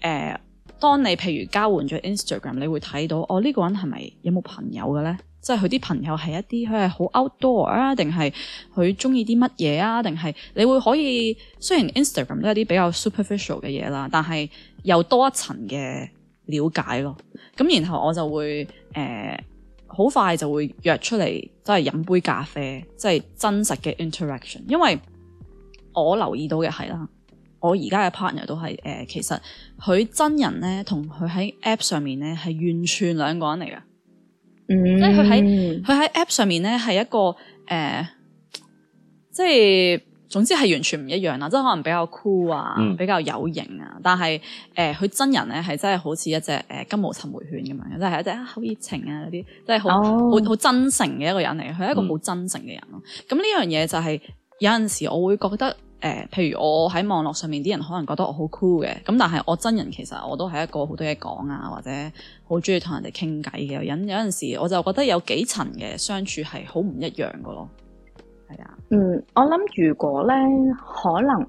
[SPEAKER 1] 呃。當你譬如交換咗 Instagram，你會睇到哦，呢、這個人係咪有冇朋友嘅咧？即係佢啲朋友係一啲佢係好 outdoor 啊，定係佢鍾意啲乜嘢啊？定係你會可以雖然 Instagram 都係一啲比較 superficial 嘅嘢啦，但係又多一層嘅了解咯。咁然後我就會誒好、呃、快就會約出嚟，即係飲杯咖啡，即係真實嘅 interaction。因為我留意到嘅係啦。我而家嘅 partner 都係誒、呃，其實佢真人咧同佢喺 app 上面咧係完全兩個人嚟嘅，
[SPEAKER 5] 嗯、呃，即係
[SPEAKER 1] 佢喺佢喺 app 上面咧係一個誒，即係總之係完全唔一樣啦，即係可能比較酷，cool，啊，嗯，比較有型啊，但係誒佢真人咧係真係好似一隻誒、呃、金毛尋回犬咁樣，即、就、係、是、一隻好熱情啊嗰啲，即係好好真誠嘅一個人嚟，佢係一個好真誠嘅人咯。咁呢、嗯、樣嘢就係、是、有陣時我會覺得。誒、呃，譬如我喺網絡上面啲人可能覺得我好酷嘅，咁但係我真人其實我都係一個好多嘢講啊，或者好中意同人哋傾偈嘅人，有陣時我就覺得有幾層嘅相處係好唔一樣㗎咯，係
[SPEAKER 3] 啊，嗯，我諗如果咧，可能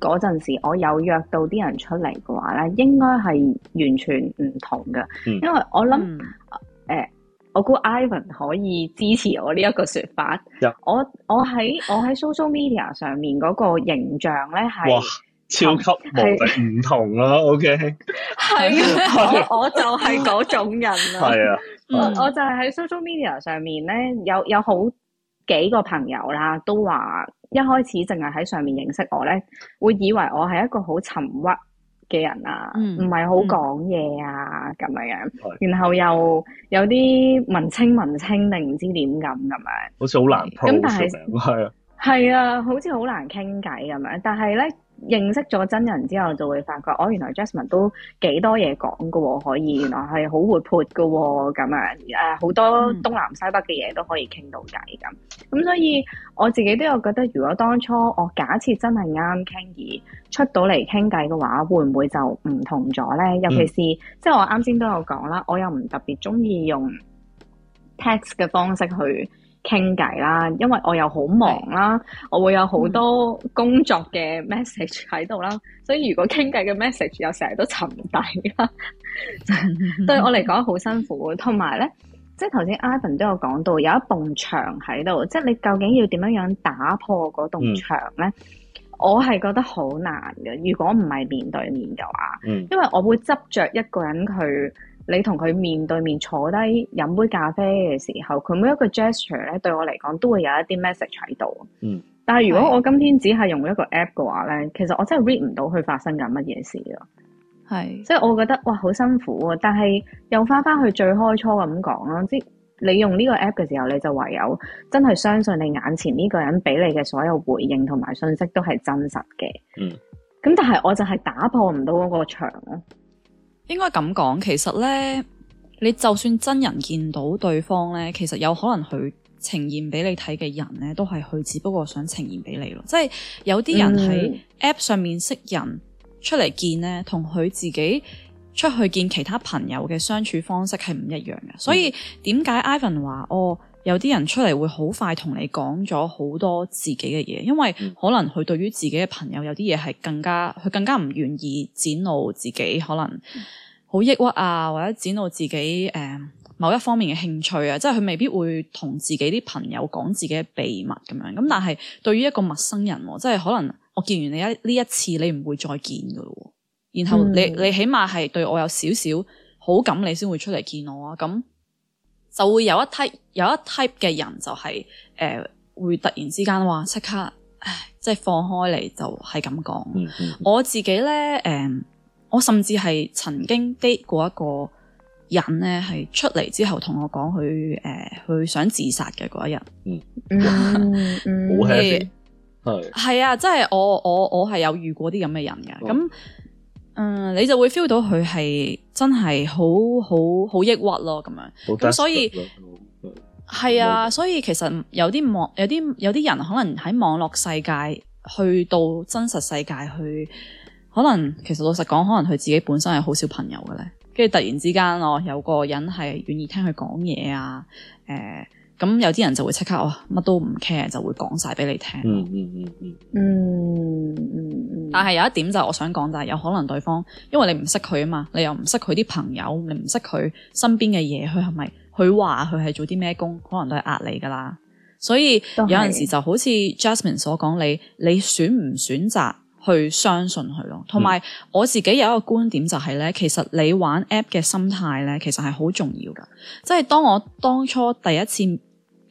[SPEAKER 3] 嗰陣時我有約到啲人出嚟嘅話咧，應該係完全唔同嘅，嗯、因為我諗。嗯。我估 Ivan 可以支持我呢一個説法。Yeah. 我我喺我喺 social media 上面嗰個形象咧係
[SPEAKER 2] 超級無敵唔是同啦、啊。OK，
[SPEAKER 3] 係啊，我就係嗰種人啊。係啊， *laughs* 我就係喺 social media 上面咧，有有好幾個朋友啦，都話一開始淨係喺上面認識我咧，會以為我係一個好沉鬱嘅人啊，唔係好講嘢啊，咁樣、嗯、樣。然後又有啲文青文青定唔知點咁咁樣，樣
[SPEAKER 2] 好似好難通。咁但係係啊，
[SPEAKER 3] 係啊，好似好難傾偈咁樣，但係咧。認識咗真人之後，就會發覺，哦，原來 Jasmine 都幾多嘢講㗎喎，可以，原來係好活潑㗎喎，咁樣，誒、啊，好多東南西北嘅嘢都可以傾到偈咁。咁所以我自己都有覺得，如果當初我假設真係啱傾而出到嚟傾偈嘅話，會唔會就唔同咗咧？尤其是、嗯、即係我啱先都有講啦，我又唔特別鍾意用 text 嘅方式去。傾偈啦，因為我又好忙啦，的我會有好多工作嘅 message 喺度啦， *laughs* 所以如果傾偈嘅 message 又成日都沉底啦， *laughs* 對我嚟講好辛苦。同埋咧，即係頭先 Ivan 都有講到，有一棟牆喺度，即係你究竟要點樣樣打破嗰棟牆咧？嗯、我係覺得好難嘅。如果唔係面對面嘅話，嗯、因為我會執着一個人去。你同佢面對面坐低飲杯咖啡嘅時候，佢每一個 gesture 咧，對我嚟講都會有一啲 message 喺度。嗯。但係如果我今天只係用一個 app 嘅話咧，其實我真係 read 唔到佢發生緊乜嘢事咯。係是。所以我覺得哇，好辛苦啊！但係又翻翻去最開初咁講啦，即係你用呢個 app 嘅時候，你就唯有真係相信你眼前呢個人俾你嘅所有回應同埋信息都係真實嘅。嗯。咁但係我就係打破唔
[SPEAKER 1] 到嗰個牆咯。應該咁講，其實呢，你就算真人見到對方呢，其實有可能佢呈現俾你睇嘅人呢，都係佢只不過想呈現俾你咯。即係有啲人喺 App 上面識人出嚟見呢，同佢自己出去見其他朋友嘅相處方式係唔一樣嘅。所以點解 Ivan 話哦，有啲人出嚟會好快同你講咗好多自己嘅嘢，因為可能佢對於自己嘅朋友有啲嘢係更加佢更加唔願意展露自己，可能、嗯。好抑鬱啊，或者展露自己誒、呃、某一方面嘅興趣啊，即係佢未必會同自己啲朋友講自己嘅秘密咁樣。咁但係對於一個陌生人，即係可能我見完你一呢一次，你唔會再見噶咯。然後你、嗯、你起碼係對我有少少好感，你先會出嚟見我啊。咁就會有一 type 有一 type 嘅人就係、係、誒、呃、會突然之間話即刻，唉即係放開嚟就係咁講。嗯嗯，我自己咧誒。呃我甚至係曾經 date 過一個人咧，係出嚟之後同我講佢誒，佢、呃、想自殺嘅嗰一日，好嚇人，係係啊，即係我我我係有遇過啲咁嘅人嘅。咁嗯，你就會 feel 到佢係真係好好好抑鬱咯，咁樣咁所以係啊，所以其實有啲網有啲有啲人可能喺網絡世界去到真實世界去。可能其實老實講，可能佢自己本身係好少朋友嘅咧，跟住突然之間哦，有個人係願意聽佢講嘢啊，誒、呃，咁有啲人就會即刻啊乜、哦、都唔 care，就會講晒俾你聽。嗯嗯但係有一點就我想講就係、是，有可能對方，因為你唔識佢啊嘛，你又唔識佢啲朋友，你唔識佢身邊嘅嘢，佢係咪佢話佢係做啲咩工，可能都係呃你噶啦。所以是有陣時就好似 Jasmine 所講，你你選唔選擇？去相信佢咯，同埋我自己有一個觀點就係咧，其實你玩 app 嘅心態咧，其實係好重要噶。即係當我當初第一次誒、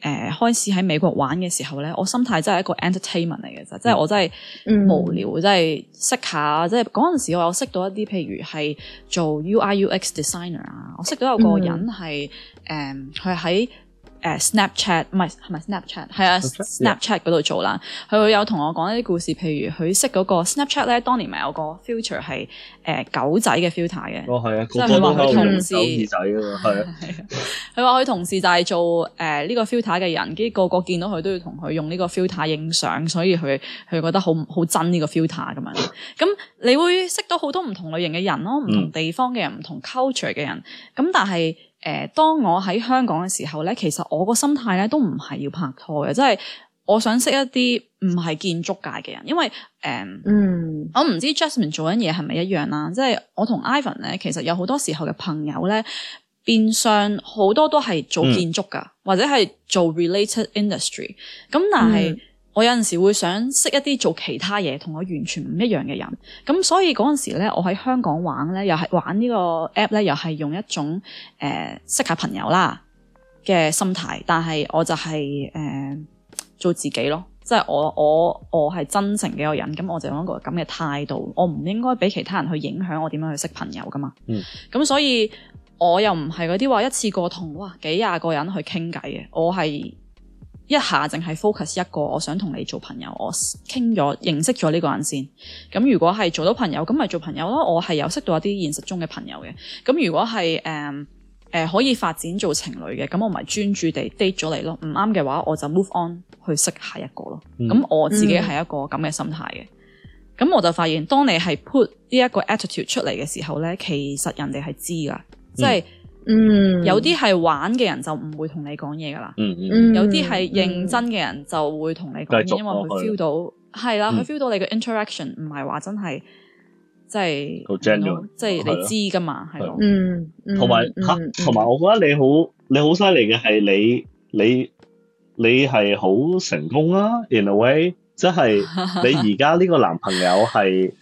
[SPEAKER 1] 呃、開始喺美國玩嘅時候咧，我心態真係一個 entertainment 嚟嘅啫，嗯、即係我真係無聊，嗯、真係識下，即係嗰陣時我識到一啲譬如係做 UI UX designer 啊，我識到有個人係誒佢喺。嗯嗯誒 Snapchat 唔係係咪 Snapchat 係啊 Snapchat 嗰度 Yeah. 做啦，佢會有同我講一啲故事，譬如佢識嗰個 Snapchat 咧，當年咪有個 filter 係誒、呃、狗仔嘅 filter 嘅，
[SPEAKER 2] 即係話佢同事，狗
[SPEAKER 1] 耳啊嘛，啊，佢話佢同事就係做誒呢、呃這個 filter 嘅人，跟住個個見到佢都要同佢用呢個 filter 影相，所以佢佢覺得好好憎呢個 filter 咁樣。咁 *laughs* 你會識到好多唔同類型嘅人咯，唔同地方嘅人，唔、mm. 同 culture 嘅人。咁但係誒、呃，當我喺香港嘅時候咧，其實我個心態咧都唔係要拍拖嘅，即係我想識一啲唔係建築界嘅人，因為誒，呃、嗯，我唔知 Jasmine 做緊嘢係咪一樣啦，即係我同 Ivan 咧，其實有好多時候嘅朋友咧，變相好多都係做建築㗎，嗯、或者係做 related industry，咁但係，嗯我有陣時會想識一啲做其他嘢，同我完全唔一樣嘅人，咁所以嗰陣時咧，我喺香港玩咧，又係玩呢個 app 咧，又係用一種誒、呃、識下朋友啦嘅心態，但係我就係、是、誒、呃、做自己咯，即係我我我係真誠嘅一個人，咁我就用一個咁嘅態度，我唔應該俾其他人去影響我點樣去識朋友噶嘛。嗯，咁所以我又唔係嗰啲話一次過同哇幾廿個人去傾偈嘅，我係。一下淨係 focus 一個，我想同你做朋友，我傾咗認識咗呢個人先。咁如果係做到朋友，咁咪做朋友咯。我係有識到一啲現實中嘅朋友嘅。咁如果係誒誒可以發展做情侶嘅，咁我咪專注地 date 咗你咯。唔啱嘅話，我就 move on 去識下一個咯。咁、嗯、我自己係一個咁嘅心態嘅。咁我就發現，當你係 put 呢一個 attitude 出嚟嘅時候咧，其實人哋係知噶，嗯、即係。嗯，有啲係玩嘅人就唔會同你講嘢噶啦，嗯嗯，有啲係認真嘅人就會同你講嘢，因為佢 feel 到係啦，佢 feel 到你個 interaction 唔係話真係即係，好 general，即係你知噶嘛，係咯，
[SPEAKER 2] 嗯，同埋吓，同埋我覺得你好你好犀利嘅係你你你係好成功啦。In a way，即係你而家呢個男朋友係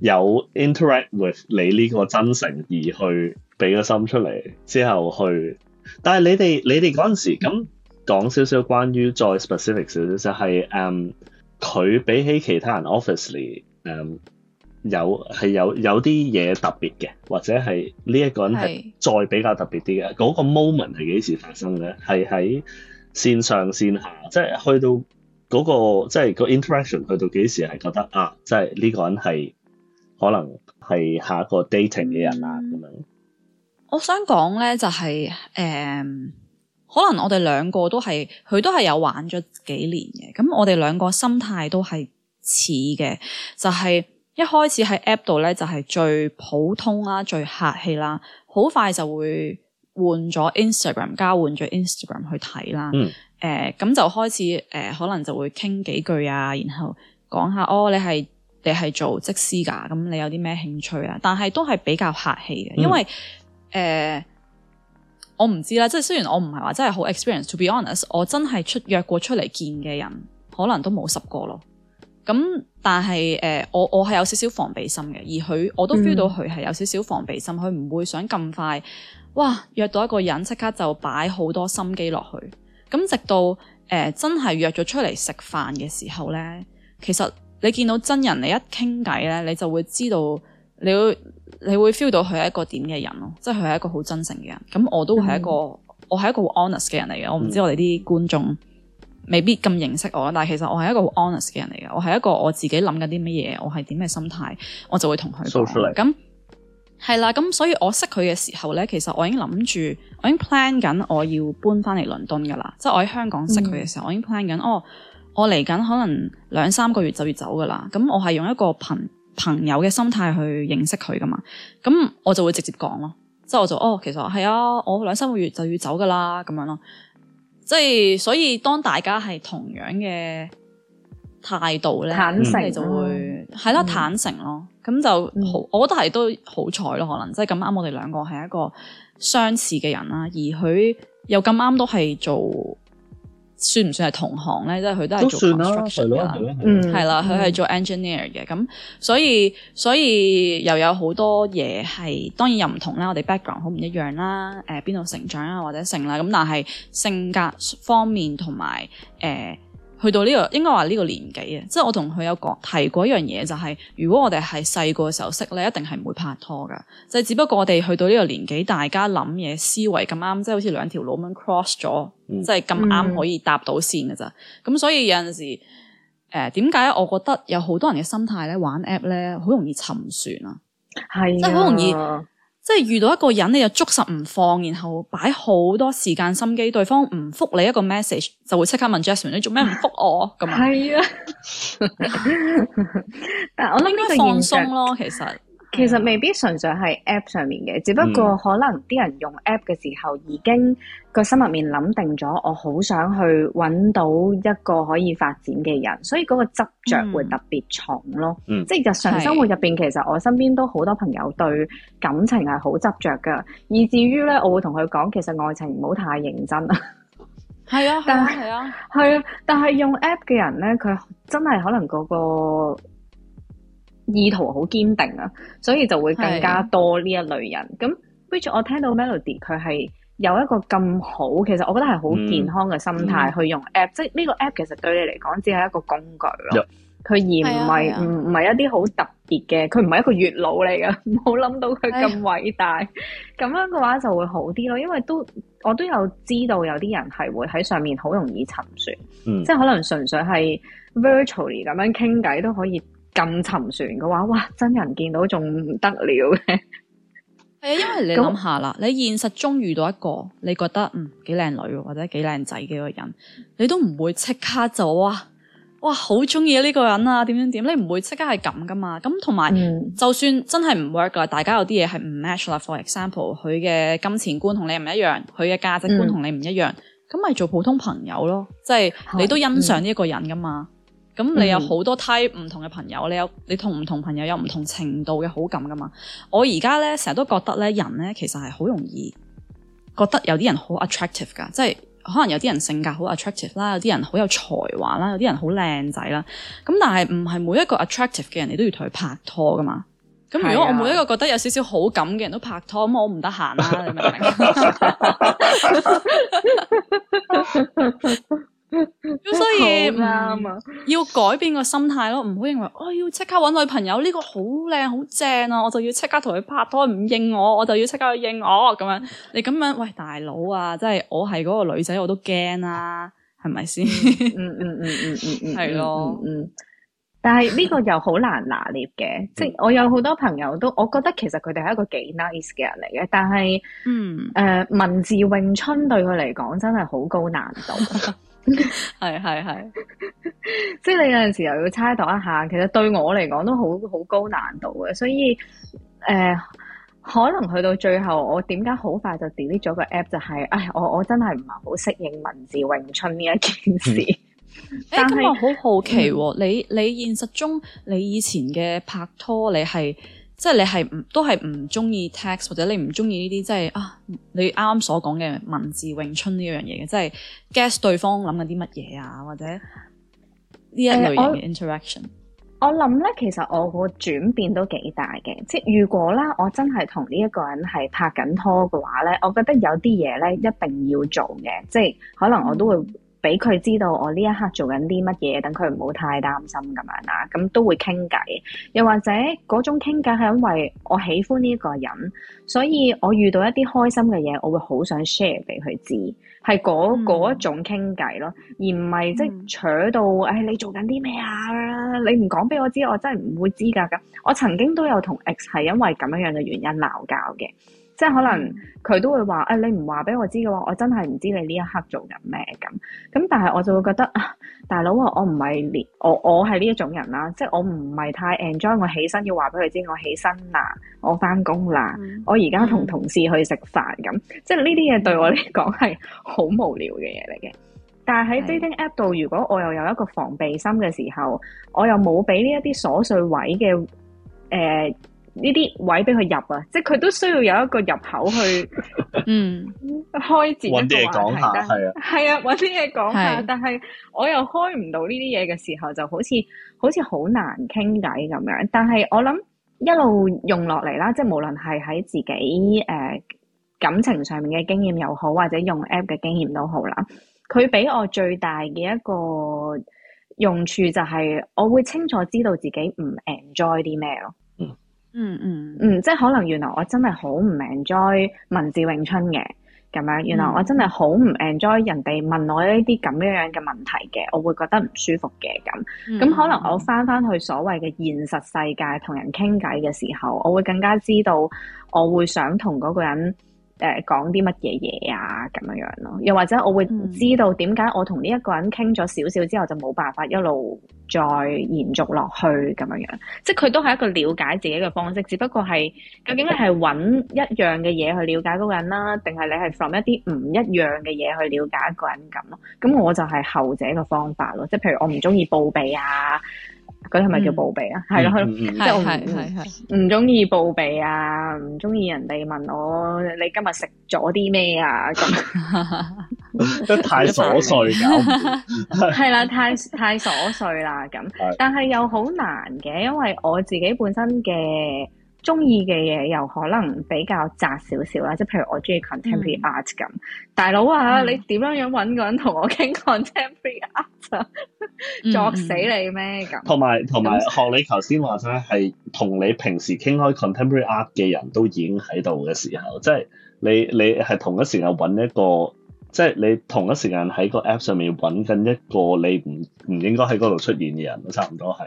[SPEAKER 2] 有 interact with 你呢個真誠而去。俾個心出嚟之後去，但係你哋你哋嗰陣時咁、mm hmm. 講少少關於再 specific 少少就係、是，嗯，佢比起其他人 obviously 有係有有啲嘢特別嘅，或者係呢一個人係再比較特別啲嘅。嗰、mm hmm. 個 moment 係幾時發生嘅？係喺線上線下，即、就、係、是、去到嗰、那個即係、就是、個 interaction 去到幾時係覺得啊，即係呢個人係可能係下一個 dating 嘅人啦咁樣。Mm hmm.
[SPEAKER 1] 我想講咧就係、是、誒、呃，可能我哋兩個都係，佢都係有玩咗幾年嘅。咁我哋兩個心態都係似嘅，就係、是、一開始喺 App 度咧就係最普通啦、最客氣啦，好快就會換咗 Instagram，交換咗 Instagram 去睇啦。誒、嗯，咁、呃、就開始誒、呃，可能就會傾幾句啊，然後講下哦，你係你係做即師㗎，咁你有啲咩興趣啊？但係都係比較客氣嘅，嗯、因為。誒，我唔知啦，即係雖然我唔係話真係好 experience，to be honest，我真係出約過出嚟見嘅人，可能都冇十個咯。咁但係誒，我我係有少少防備心嘅，而佢我都 feel 到佢係有少少防備心，佢唔會想咁快，哇約到一個人即刻就擺好多心機落去。咁直到誒真係約咗出嚟食飯嘅時候咧，其實你見到真人你一傾偈咧，你就會知道你。你會 feel 到佢係一個點嘅人咯，即係佢係一個好真誠嘅人。咁我都係一個，嗯、我係一個好 honest 嘅人嚟嘅。我唔知我哋啲觀眾未必咁認識我，嗯、但係其實我係一個好 honest 嘅人嚟嘅。我係一個我自己諗緊啲乜嘢，我係點嘅心態，我就會同
[SPEAKER 2] 佢 show 出嚟 Social ite.。咁
[SPEAKER 1] 係啦，咁所以我識佢嘅時候呢，其實我已經諗住，我已經 plan 緊我要搬翻嚟倫敦噶啦。即係我喺香港識佢嘅時候，嗯、我已經 plan 緊，哦，我嚟緊可能兩三個月就要走噶啦。咁我係用一個頻。朋友嘅心態去認識佢噶嘛，咁我就會直接講咯，即係我就哦，其實係啊，我兩三個月就要走噶啦，咁樣咯，即係所以當大家係同樣嘅態度咧，坦誠、啊、你就會係啦、嗯啊，坦誠咯，咁、嗯嗯、就好，我覺得係都好彩咯，可能即係咁啱我哋兩個係一個相似嘅人啦，而佢又咁啱都係做。算唔算係同行咧？即係佢都係做 construction 㗎啦，啦人，嗯，係啦，佢係做 engineer 嘅，咁、嗯、所以所以又有好多嘢係當然又唔同啦，我哋 background 好唔一樣啦，誒邊度成長啊或者成啦，咁但係性格方面同埋誒。呃去到呢、這個應該話呢個年紀啊，即、就、係、是、我同佢有講提過一樣嘢，就係、是、如果我哋係細個嘅時候識咧，一定係唔會拍拖噶。就是、只不過我哋去到呢個年紀，大家諗嘢思維咁啱，即、就、係、是、好似兩條路咁 cross 咗，即係咁啱可以搭到線噶咋。咁、嗯、所以有陣時，誒、呃，點解我覺得有好多人嘅心態咧玩 app 咧，好容易沉船啊？係、啊，即係好容易。即係遇到一個人，你就捉實唔放，然後擺好多時間心機，對方唔覆你一個 message，就會即刻問 Jasmine，你做咩唔覆我咁樣？係啊，但係我諗應該放鬆咯，其實。其實未
[SPEAKER 3] 必純粹係 App 上面嘅，只不過可能啲人用 App 嘅時候，已經個心入面諗定咗，我好想去揾到一個可以發展嘅人，所以嗰個執着會特別重咯。嗯，
[SPEAKER 5] 即係日常生活
[SPEAKER 3] 入邊，是其實我身邊都好多朋友對感情係好執着噶，以至於咧，我會同佢講，其實愛情唔好太認真 *laughs* 啊。係啊，係啊，係啊，係啊，但係用 App 嘅人咧，佢真係可能嗰、嗰個。意圖好堅定啊，所以就會更加多呢一類人。咁，which 的我聽到 Melody 佢係有一個咁好，其實我覺得係好健康嘅心態、嗯、去用 app，即係呢個 app 其實對你嚟講只係一個工具咯。佢、嗯、而唔係唔唔係一啲好特別嘅。佢唔係一個月老嚟㗎，冇 *laughs* 諗到佢咁偉大。咁的樣嘅話就會好啲咯，因為都我都有知道有啲人係會喺上面好容易沉船，嗯、即係可能純粹係 virtually 咁樣傾偈都可以。咁沉船嘅話，哇！真人見到仲唔得了
[SPEAKER 1] 嘅。係啊，因為你諗下啦，那你現實中遇到一個你覺得嗯幾靚女或者幾靚仔嘅一個人，你都唔會即刻就哇哇好中意呢個人啊，點點點，你唔會即刻係咁噶嘛。咁同埋，嗯、就算真係唔 work 噶，大家有啲嘢係唔 match 啦。For example，佢嘅金錢觀同你唔一樣，佢嘅價值觀同你唔一樣，咁咪、嗯、做普通朋友咯。即係你都欣賞呢一個人噶嘛。嗯咁你有好多 type 唔、嗯、同嘅朋友，你有你同唔同朋友有唔同程度嘅好感噶嘛？我而家咧，成日都覺得咧，人咧其實係好容易覺得有啲人好 attractive 噶，即係可能有啲人性格好 attractive 啦，有啲人好有才華啦，有啲人好靚仔啦。咁但係唔係每一個 attractive 嘅人，你都要同佢拍拖噶嘛？
[SPEAKER 2] 咁是、啊、如果我每一
[SPEAKER 1] 個覺得有少少好感嘅人都拍拖，咁我唔得閒啦，你明唔明？ *laughs* *laughs* *laughs* 所以啱啊！ *laughs* 要改變個心態咯，唔好認為我要即刻搵女朋友呢、呢個好靚好正啊！我就要即刻同佢拍拖，唔應我我就要即刻去應我咁樣。你咁樣，喂大佬啊，即、就、係、是、我係嗰個女仔，我都驚啊，係咪先？嗯
[SPEAKER 5] 嗯嗯嗯嗯嗯，係咯。嗯，
[SPEAKER 1] 但係呢個又好難拿捏嘅， *laughs* 即係我有好多朋友都，我覺得
[SPEAKER 3] 其實佢哋係一個幾 nice 嘅人嚟嘅，但係嗯誒、呃、文字詠春對佢嚟講真係好高難度。 *laughs*
[SPEAKER 5] 係係係，即係、 *laughs* *laughs* 就
[SPEAKER 3] 是、你有陣時候又要猜度一下，其實對我嚟講都好好高難度嘅，所以誒、呃，可能去到最後，我點解好快就 delete 咗個 app 就係、是，誒，我我真
[SPEAKER 1] 係唔係好適應文字詠春呢一件事。誒 *laughs* *laughs* 是，咁我好好奇、啊，嗯、你你現實中你以前嘅拍拖，你係？即係你係唔都係唔中意 text 或者你唔中意呢啲即係啊你啱啱所講嘅文字詠春呢樣嘢嘅，即係 guess 對方諗緊啲乜嘢啊，或者呢一類型嘅 interaction、呃。
[SPEAKER 3] 我諗咧，其實我個轉變都幾大嘅。即係如果咧，我真係同呢一個人係拍緊拖嘅話咧，我覺得有啲嘢咧一定要做嘅。即係可能我都會。嗯俾佢知道我呢一刻做緊啲乜嘢，等佢唔好太擔心咁樣啦。咁都會傾偈，又或者嗰種傾偈係因為我喜歡呢個人，所以我遇到一啲開心嘅嘢，我會好想 share 俾佢知，係嗰嗰一種傾偈咯，而唔係即係扯到誒你做緊啲咩啊？你唔講俾我知，我真係唔會知噶。我曾經都有同 X 係因為咁樣樣嘅原因鬧交嘅。即係可能佢都會話誒、嗯哎，你唔話俾我知嘅話，我真係唔知你呢一刻做緊咩咁。咁但係我就會覺得，大佬啊，我唔係我我係呢一種人啦，即係我唔係太 enjoy 我起身要話俾佢知我起身啦，我返工啦，嗯、我而家同同事去食飯咁、嗯。即係呢啲嘢對我嚟講係好無聊嘅嘢嚟嘅。嗯、但係喺 dating app 度，是如果我又有一個防備心嘅時候，我又冇俾呢一啲瑣碎位嘅誒。呃呢啲位俾佢入啊！即係佢都需要有一個入口去， *laughs* 嗯，開展一個話題。揾啲嘢講下，係但啊，係啊，揾啲嘢講下。是啊、但係我又開唔到呢啲嘢嘅時候，就好似好似好難傾偈咁樣。但係我諗一路用落嚟啦，即係無論係喺自己誒、呃、感情上面嘅經驗又好，或者用 app 嘅經驗都好啦。佢俾我最大嘅一個用處就係，我會清楚知道自己唔 enjoy 啲咩咯。嗯嗯、mm hmm. 嗯，即係可能原來我真係好唔 enjoy 文字詠春嘅咁樣，原來我真係好唔 enjoy 人哋問我呢啲咁樣樣嘅問題嘅，我會覺得唔舒服嘅咁。咁、mm hmm. 可能我翻翻去所謂嘅現實世界同人傾偈嘅時候，我會更加知道我會想同嗰個人。誒、呃、講啲乜嘢嘢啊咁樣樣咯，又或者我會知道點解我同呢一個人傾咗少少之後就冇辦法一路再延續落去咁樣樣，即係佢都係一個了解自己嘅方式，只不過係究竟你係揾一樣嘅嘢去了解嗰個人啦、啊，定係你係 from 一啲唔一樣嘅嘢去了解一個人咁、啊、咯？咁我就係後者嘅方法咯，即係譬如我唔中意報備啊。嗰啲係咪叫報備啊？係咯，即係我唔中意報備啊，唔中意人哋問我你今日食咗啲咩啊咁，
[SPEAKER 2] 都太瑣碎㗎。
[SPEAKER 3] 係啦，太太瑣碎啦咁，但係又好難嘅，因為我自己本身嘅。中意嘅嘢又可能比較窄少少啦，即係譬如我中意 contemporary art 咁、嗯，大佬啊，嗯、你點樣樣揾個人同我傾 contemporary art？啊、 *laughs* 作死你咩咁？同
[SPEAKER 2] 埋同埋學你頭先話齋，係同你平時傾開 contemporary art 嘅人都已經喺度嘅時候，即係你你係同一時候揾一個。即係你同一時間喺個 app 上面揾緊一個你唔唔應該喺嗰度出現嘅人，差唔多係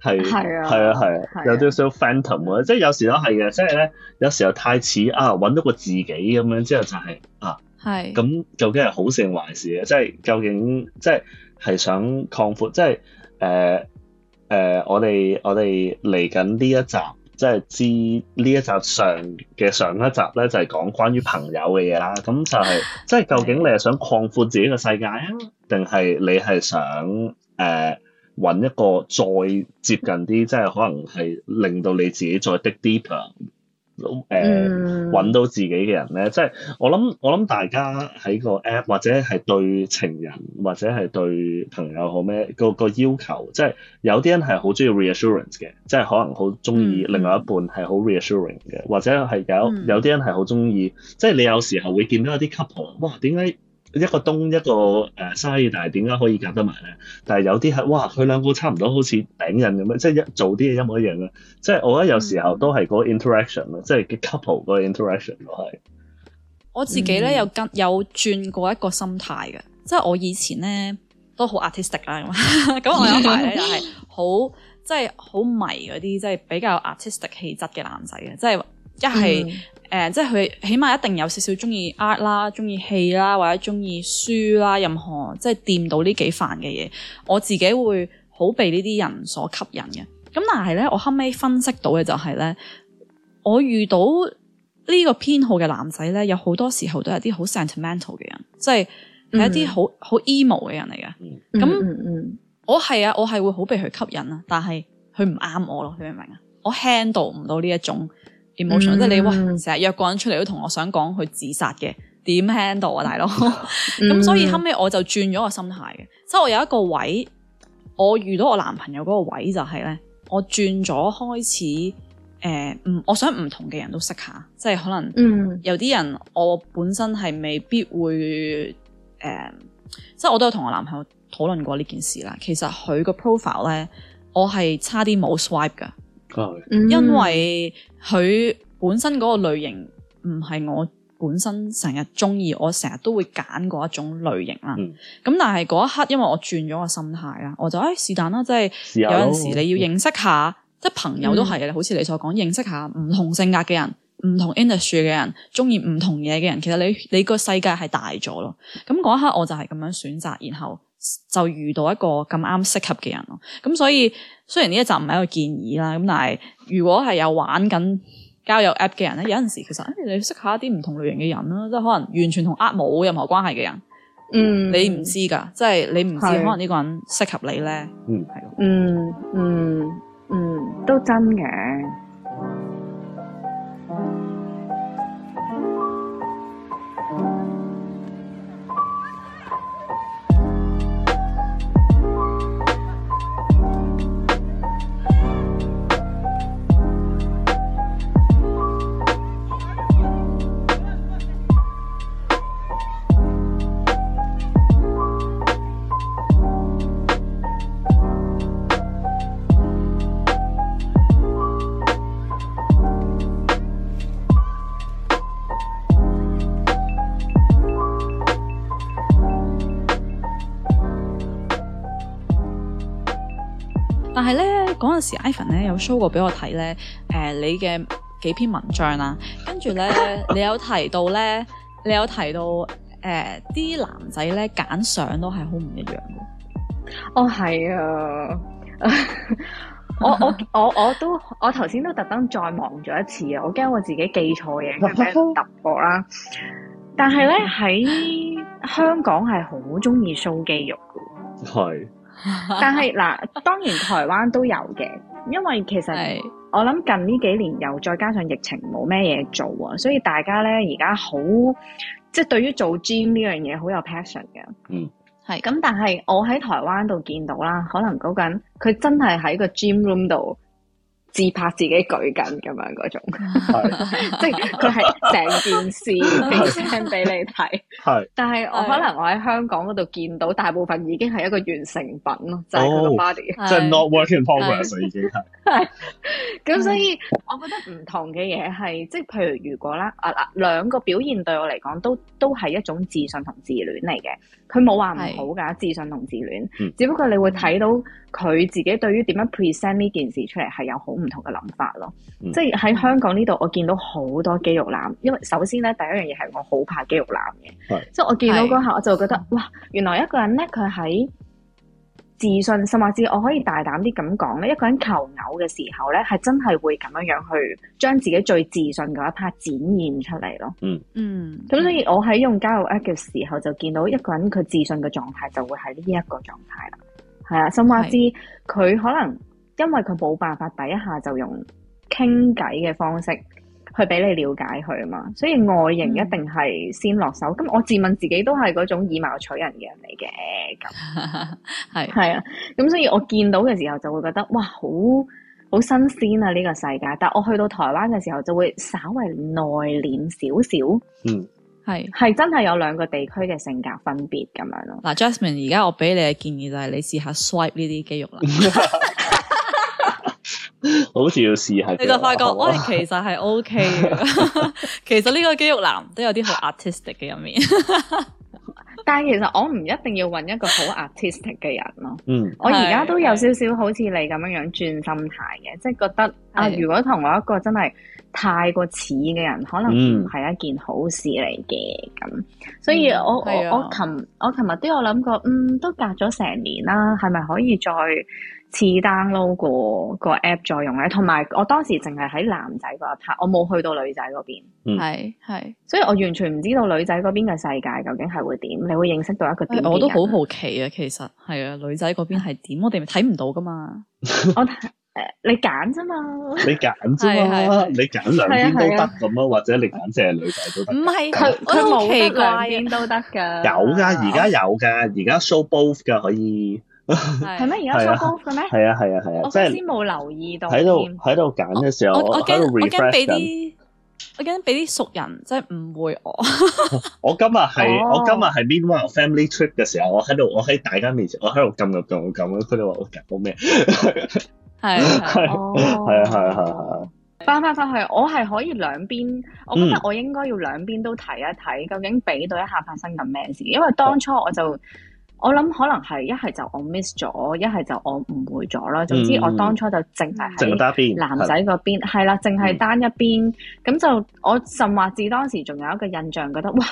[SPEAKER 2] 係係啊係啊有啲似 phantom 啊，即係有時都係嘅，即係咧有時候太似啊揾到個自己咁樣之後就係、係、啊，係咁係究竟係好事定壞事咧？即係究竟即係係想擴闊，即係誒誒，我哋我哋嚟緊呢一集。即係知呢一集上嘅上一集咧，就係、是、講關於朋友嘅嘢啦。咁就係、是、即係究竟你係想擴闊自己嘅世界啊，定係你係想誒揾、呃、一個再接近啲，即係可能係令到你自己再 dig deeper？咁誒揾到自己嘅人咧，即係我諗我諗大家喺個 app 或者係對情人或者係對朋友好咩個個要求，即係有啲人係好中意 reassurance 嘅，即係可能好中意另外一半係好 reassuring 嘅，嗯，或者係有有啲人係好中意，即係你有時候會見到一啲 couple，哇點解？一個東一個、呃、生西，但係點解可以夾得埋咧？但係有啲係哇，佢兩個差唔多，好似頂人咁樣，即係一做啲嘢一模一樣啦。即係我覺得有時候都係嗰個 interaction 咯，嗯、即係嘅 couple 個 interaction 都係。
[SPEAKER 1] 我自己咧、嗯、有跟有轉過一個心態嘅，即係我以前咧都好 artistic 啦，咁 *laughs* 我有一排咧就係好即係好迷嗰啲即係比較 artistic 氣質嘅男仔嘅，即係一係。嗯嗯誒、呃，即係佢起碼一定有少少中意 art 啦，中意戲啦，或者中意書啦，任何即係掂到呢幾範嘅嘢，我自己會好被呢啲人所吸引嘅。咁但係咧，我後尾分析到嘅就係咧，我遇到呢個偏好嘅男仔咧，有好多時候都係啲好 sentimental 嘅人，即係係一啲好好 emo 嘅人嚟嘅。咁、mm hmm. 我係啊，我係會好被佢吸引啊，但係佢唔啱我咯，你明唔明啊？我 handle 唔到呢一種。
[SPEAKER 2] e Em 即係你喂，成
[SPEAKER 1] 日約個人出嚟都同我想講佢自殺嘅，點 handle 啊大佬？咁 *laughs* 所以後尾我就轉咗個心態嘅，即係我有一個位我遇到我男朋友嗰個位就係、是、咧，我轉咗開始誒唔、呃、我想唔同嘅人都識下，即係可能、嗯、有啲人我本身係未必會誒、即、呃、係我都有同我男朋友討論過呢件事啦。其實佢個 profile 咧，我係差啲冇 swipe 噶。因為佢本身嗰個類型唔係我本身成日中意，我成日都會揀嗰一種類型啦。咁、嗯、但係嗰一刻，因為我轉咗個心態啦，我就誒、哎就是但啦，即係有陣時你要認識下，試試即係朋友都係嘅，嗯、好似你所講，認識下唔同性格嘅人，唔同 industry 嘅人，中意唔同嘢嘅人，其實你你個世界係大咗咯。咁嗰一刻我就係咁樣選擇，然後。就遇到一個咁啱適合嘅人咯，咁所以雖然呢一集唔係一個建議啦，咁但係如果係有玩緊交友 app 嘅人咧，有陣時其實、哎、你識下一啲唔同類型嘅人啦，即係可能完全同呃冇任何關係嘅人，
[SPEAKER 3] 嗯，你唔
[SPEAKER 1] 知噶，即係你唔知可能呢個人適合你咧，嗯，係咯，
[SPEAKER 3] 嗯嗯嗯，都真嘅。
[SPEAKER 1] 但係咧，嗰陣時 Ivan 咧有 show 過俾我睇咧，誒，你嘅幾篇文章啦，跟住咧，你有提到咧，你有提到，誒，啲男仔咧揀相都係好唔一樣嘅。哦係啊，我我我我都我頭先都特登再望咗一
[SPEAKER 3] 次啊，我驚我自己記錯嘢，跟住啦。但係咧喺香港係好中意 show 肌肉
[SPEAKER 2] 嘅。係。
[SPEAKER 3] *laughs* 但係嗱，當然台灣都有嘅，因為其實是我諗近呢幾年又再加上疫情冇咩嘢做啊，所以大家咧而家好即係對於做 gym 呢樣嘢好有 passion 嘅。嗯，係是。咁、嗯、但係我喺台灣度見到啦，可能嗰陣佢真係喺個 gym room 度。自拍自己舉緊咁樣嗰種， *laughs* *laughs* 即係佢係成件事 present 俾你睇。係，但係我可能我喺香港嗰度見到大部分已經係一個完成品咯，就係佢嘅 body，即係、oh, *laughs* not working progress 已經係。咁所以我覺得唔同嘅嘢係，即、就、係、是、譬如如果咧啊啦兩個表現對我嚟講都都係一種自信同自戀嚟嘅。佢冇話唔好㗎，是自信同自戀，嗯、只不過你會睇到佢、嗯、自己對於點樣 present 呢件事出嚟係有好，唔同嘅諗法咯，嗯、即係喺香港呢度，我見到好多肌肉男。因為首先咧，第一樣嘢係我好怕肌肉男嘅，是即係我見到嗰下，我就覺得是哇，原來一個人咧，佢喺自信，甚或至我可以大膽啲咁講咧，一個人求偶嘅時候咧，係真係會咁樣樣去將自己最自信嗰一 part 展現出嚟咯。嗯嗯，咁、嗯、所以我喺用交友 App 嘅時候，就見到一個人佢自信嘅狀態，就會喺呢一個狀態啦。係啊，甚或至佢可能。因為佢冇辦法第一下就用傾偈嘅方式去俾你了解佢啊嘛，所以外形一定係先落手。咁、嗯、我自問自己都係嗰種以貌取人嘅人嚟嘅，咁係係啊。咁所以我見到嘅時候就會覺得哇，好好新鮮啊呢個世界。但我去到台灣嘅時候就會稍為內斂少少。嗯，係係是真係有兩個地
[SPEAKER 1] 區嘅性格分別咁樣咯。嗱 *laughs* ，Jasmine，而家我俾你嘅建議就係你試下 Swipe 呢啲肌肉
[SPEAKER 2] 啦。 *laughs* *laughs* 好似要試下，你就發覺我其
[SPEAKER 1] 實係 O K 嘅。 *laughs* *laughs* 其實呢個肌肉男都有啲好 artistic 嘅一面， *laughs* 但係其實我唔一定要揾一個好 artistic 嘅人咯。嗯，我而家都
[SPEAKER 3] 有少少好似你咁樣樣轉心態嘅，是即係覺得是啊，如果同我一個真係太過似嘅人，可能唔係一件好事嚟嘅。咁，所以我、嗯、我的我琴我琴日都有諗過，嗯，都隔咗成年啦，係咪可以再？似 download 個個 app 在用咧，同埋我當時淨係喺男仔嗰 part 我冇去到女仔嗰邊，係係，所以我完全唔知道女仔嗰邊嘅世界究竟
[SPEAKER 1] 係會點。你會認識到一個點？我都好好奇啊，其實係啊，女仔嗰邊係點？我哋咪睇唔
[SPEAKER 2] 到噶嘛。我
[SPEAKER 1] 誒你揀啫嘛，你
[SPEAKER 2] 揀啫嘛，你揀兩邊都得咁啊，或者你揀隻女仔
[SPEAKER 1] 都得。唔係佢佢
[SPEAKER 2] 冇得兩邊都得㗎。有㗎，而家有㗎，而家 show both 㗎，可以。係咩？而家收工嘅咩？係啊係啊係啊！啊啊啊啊我先
[SPEAKER 1] 冇留意到，喺度
[SPEAKER 2] 喺度揀嘅時候，我我驚俾啲
[SPEAKER 1] 我驚俾啲熟人即係誤會我。
[SPEAKER 2] 我今日係我今日係 Meanwhile family trip 嘅時候，我喺度我喺大家面前，我喺度撳入撳撳，佢哋話我冇咩，
[SPEAKER 3] 係係係啊係啊係啊！翻翻翻去，我係可以兩邊，我覺得我應該要兩邊都睇一睇，究竟俾到一下發生緊咩事？因為當初我就。 *laughs* 我諗可能係一係就我 miss 咗，一係就我誤會咗啦。總之我當初就淨係喺男仔嗰邊，係啦、嗯，淨係單一邊咁，就我甚或至當時仲有一個印象，覺得哇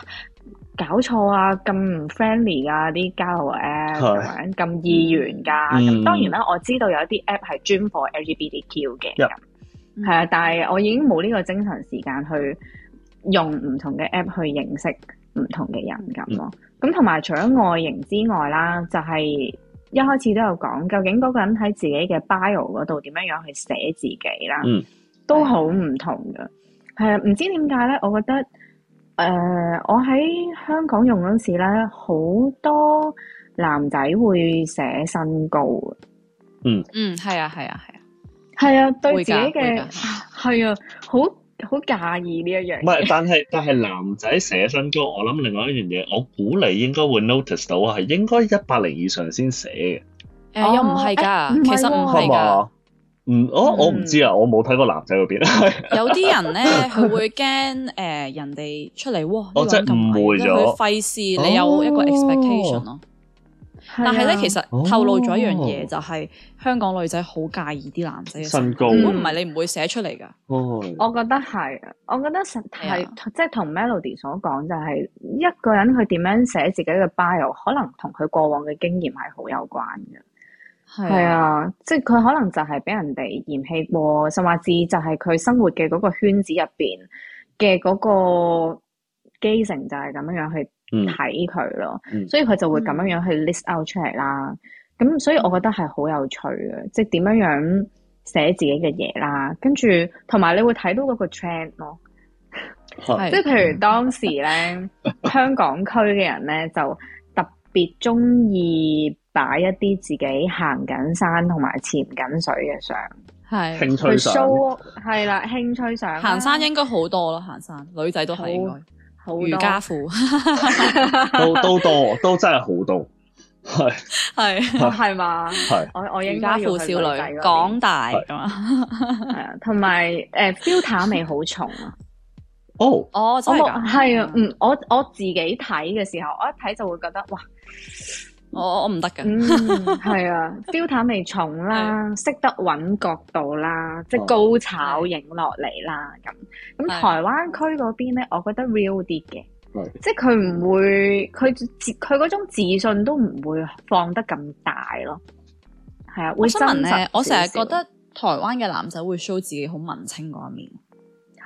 [SPEAKER 3] 搞錯啊，咁唔 friendly 啊，啲交友 app 咁易緣㗎。咁、嗯、當然啦，我知道有一啲 app 係專破 LGBTQ 嘅，係啊、嗯，但係我已經冇呢個精神時間去用唔同嘅 app 去認識唔同嘅人咁咯。嗯嗯咁同埋除咗外形之外啦，就係、是、一開始都有講，究竟嗰個人喺自己嘅 bio 嗰度點樣樣去寫自己啦，嗯、都好唔同噶。係啊、嗯，唔知點解咧？我覺得誒、呃，我喺香港用陣時咧，好多男仔會寫身高，嗯嗯，
[SPEAKER 1] 係啊係啊係啊，係啊，對自己嘅，係啊，好。好介意呢一樣。唔係，
[SPEAKER 2] 但係但係男仔寫身高，我諗另外一樣嘢，我估你應該會 notice 到啊，係應該一百零以上先寫
[SPEAKER 1] 嘅。誒、啊，又唔係噶，欸、其實唔係噶。是是
[SPEAKER 2] 哦、嗯，我我唔知啊，我冇睇過男仔嗰邊。 *laughs*
[SPEAKER 1] 有啲人咧，佢會驚誒、呃，人哋出嚟哇，我真係誤會咗，佢費事你有一個 expectation 咯、哦。但係咧，其實透露咗一樣嘢、就係，就係、哦、香港女仔好介意啲男仔嘅身高。如果唔係，你唔會寫出嚟噶、嗯哦。我覺得係，我覺得、哎、實呀係即係同 Melody 所講，就係一個人佢點樣
[SPEAKER 3] 寫自己嘅 bio，可能同佢過往嘅經驗係好有關嘅。係啊，即係佢可能就係俾人哋嫌棄過，或甚至就係佢生活嘅嗰個圈子入邊嘅嗰個基情，就係咁樣樣去。睇佢、嗯、咯，嗯、所以佢就會咁樣樣去 list out、嗯、出嚟啦。咁所以我覺得係好有趣嘅，即係點樣樣寫自己嘅嘢啦。跟住同埋你會睇到嗰個 trend 咯，
[SPEAKER 4] 是即係譬如
[SPEAKER 3] 當時咧 *laughs* 香港區嘅人咧就特別中意擺一啲自己行緊山同埋潛緊水嘅相，
[SPEAKER 1] 係是興趣 show 係啦，興趣相行山應該好多咯，行山女仔都係。瑜伽褲
[SPEAKER 2] 都都多，都真係好多，係係係嘛，係我
[SPEAKER 1] 我瑜
[SPEAKER 3] 伽褲少女，港大係啊，同埋誒 filter 味好重啊，哦，我冇係啊，嗯，我、欸 oh, 我，我，我自己睇嘅時候，我一睇就會覺得哇。我我唔得嘅，係啊 f i,、yeah. oh, ople, I yeah. sure Deaf、l、yeah. oh, t 味重啦，識得揾角度啦，即係高炒影落嚟啦，咁咁台灣區嗰邊咧，我覺得 real 啲嘅，即係佢唔會佢
[SPEAKER 1] 佢嗰種自信都唔會放得咁大咯。係、yeah. 啊、yeah.，我真問咧，我成日覺得台灣嘅男仔會 show 自己好文青嗰一面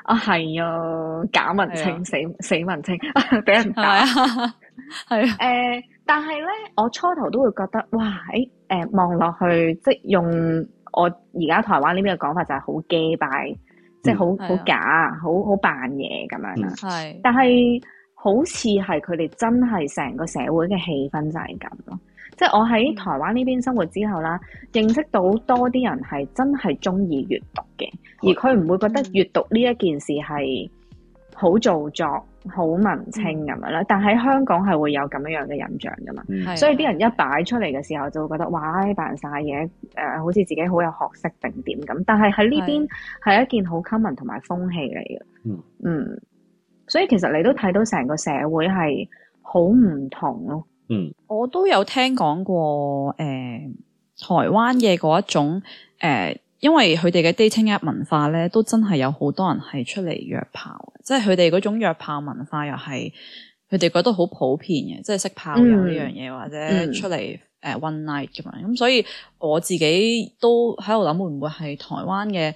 [SPEAKER 1] 啊，係啊，假文青，死死文青，俾人打，
[SPEAKER 3] 係啊，誒。但係咧，我初頭都會覺得，哇，誒、欸，誒、呃，望落去，即係用我而家台灣呢邊嘅講法就 by,、嗯，就係好假掰、嗯，即係好好假，好好扮嘢咁樣啦。係。但係好似係佢哋真係成個社會嘅氣氛就係咁咯。嗯、即係我喺台灣呢邊生活之後啦，認識到多啲人係真係中意閱讀嘅，嗯嗯、而佢唔會覺得閱讀呢一件事係好做作。好文青咁樣啦，嗯、但喺香港係會有咁樣樣嘅印象噶嘛，的所以啲人一擺出嚟嘅時候就會覺得，哇！扮晒嘢，誒、呃，好似自己好有學識定點咁。但係喺呢邊係一件好 common 同埋風氣嚟嘅，的嗯，所以其實你都睇到成個社會係好唔
[SPEAKER 1] 同咯。嗯，我都有聽講過誒、呃、台灣嘅嗰一種誒。呃因為佢哋嘅 dating app 文化咧，都真係有好多人係出嚟約炮，即係佢哋嗰種約炮文化又係佢哋覺得好普遍嘅，即係識炮友呢樣嘢或者出嚟誒、uh, one night 咁樣咁。所以我自己都喺度諗，會唔會係台灣嘅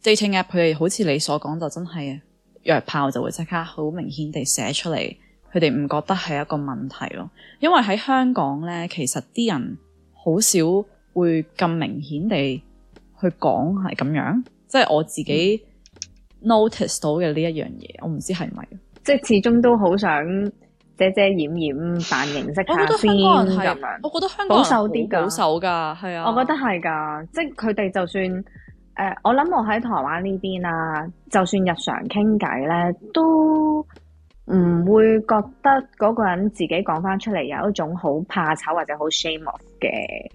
[SPEAKER 1] dating app 佢哋好似你所講，就真係約炮就會即刻好明顯地寫出嚟，佢哋唔覺得係一個問題咯。因為喺香港咧，其實啲人好少會咁明顯地。去講係咁樣，即係我自己 notice 到嘅呢一樣嘢，我唔知係咪， *noise* 即係始終都好想遮遮掩掩，
[SPEAKER 3] 扮形式下先咁樣。我覺得香港
[SPEAKER 1] 人係保守啲噶，
[SPEAKER 3] 保守噶，係啊，我覺得係噶， *noise* 即係佢哋就算誒、呃，我諗我喺台灣呢邊啊，就算日常傾偈咧都。唔會覺得嗰個人自己講返出嚟有一種好怕醜或者好 shame of 嘅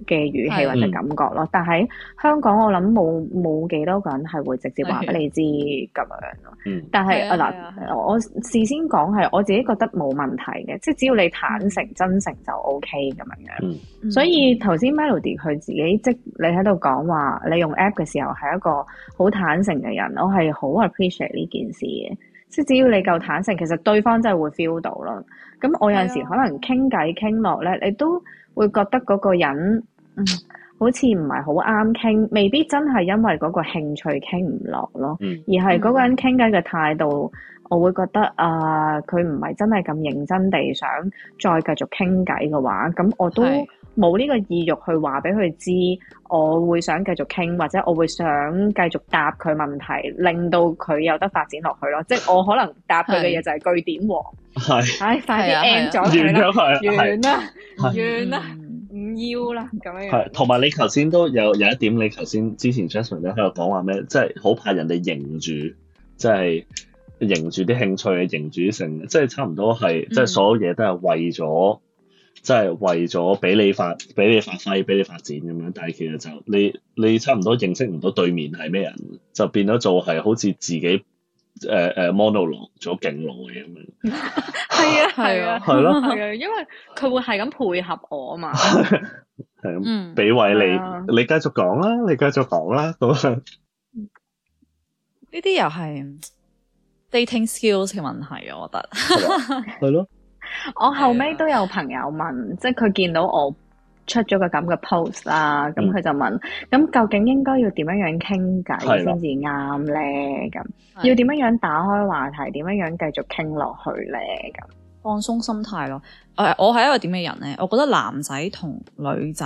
[SPEAKER 3] 嘅語氣或者感覺咯。但係香港我諗冇冇幾多個人係會直接話俾你知咁樣咯。但係嗱，我事先講係我自己覺得冇問題嘅，即係只要你坦誠真誠就 OK 咁樣。所以頭先 Melody 佢自己即你喺度講話，你用 app 嘅時候係一個好坦誠嘅人，我係好 appreciate 呢件事嘅。即只要你夠坦誠，其實對方真係會 feel 到咯。咁我有陣時、啊、可能傾偈傾落咧，你都會覺得嗰個人，嗯，好似唔係好啱傾，未必真係因為嗰個興趣傾唔落咯，嗯、而係嗰個人傾偈嘅態度，我會覺得啊，佢唔係真係咁認真地想再繼續傾偈嘅話，咁我都，冇呢個意欲去話俾佢知，我會想繼續傾，或者我會想繼續答佢問題，令到佢有得發展落去咯。即係我可能答佢嘅嘢就係句點王，係， *laughs* 唉，的快啲 end 咗佢啦，
[SPEAKER 2] 完啦，
[SPEAKER 1] 完啦，唔的、嗯、要啦咁樣。係，
[SPEAKER 2] 同埋你頭先都有有一點你，你頭先之前 Jasmine 咧喺度講話咩？即係好怕人哋迎住，即係迎住啲興趣，迎住成，即、就、係、是、差唔多係，即、就、係、是、所有嘢都係為咗、嗯。即係為咗俾你發，俾你發揮，俾你發展咁樣。但係其實就你，你差唔多認識唔到對面係咩人，就變咗做係好似自己誒誒 monologue 咗勁耐咁樣。
[SPEAKER 3] 係 *laughs* 啊，係啊，係咯，係啊， *laughs* 因為佢會係咁配合我啊嘛。
[SPEAKER 2] 係 *laughs* 啊，嗯，俾位你，uh，你，你繼續講啦，你繼續講啦，咁
[SPEAKER 1] *laughs* 呢啲又係 dating skills 嘅問題 *laughs* 啊，我覺得係咯。 *laughs* 我後尾
[SPEAKER 3] 都有朋友問，啊、即係佢見到我出咗個咁嘅 post 啦，咁佢、嗯嗯、就問：咁究竟應該要點樣、啊、樣傾偈先至啱咧？咁要點樣樣打開話題？點樣樣繼續傾落去咧？咁、啊、放鬆心態咯。
[SPEAKER 1] 我我係一個點嘅人咧？我覺得男仔同女仔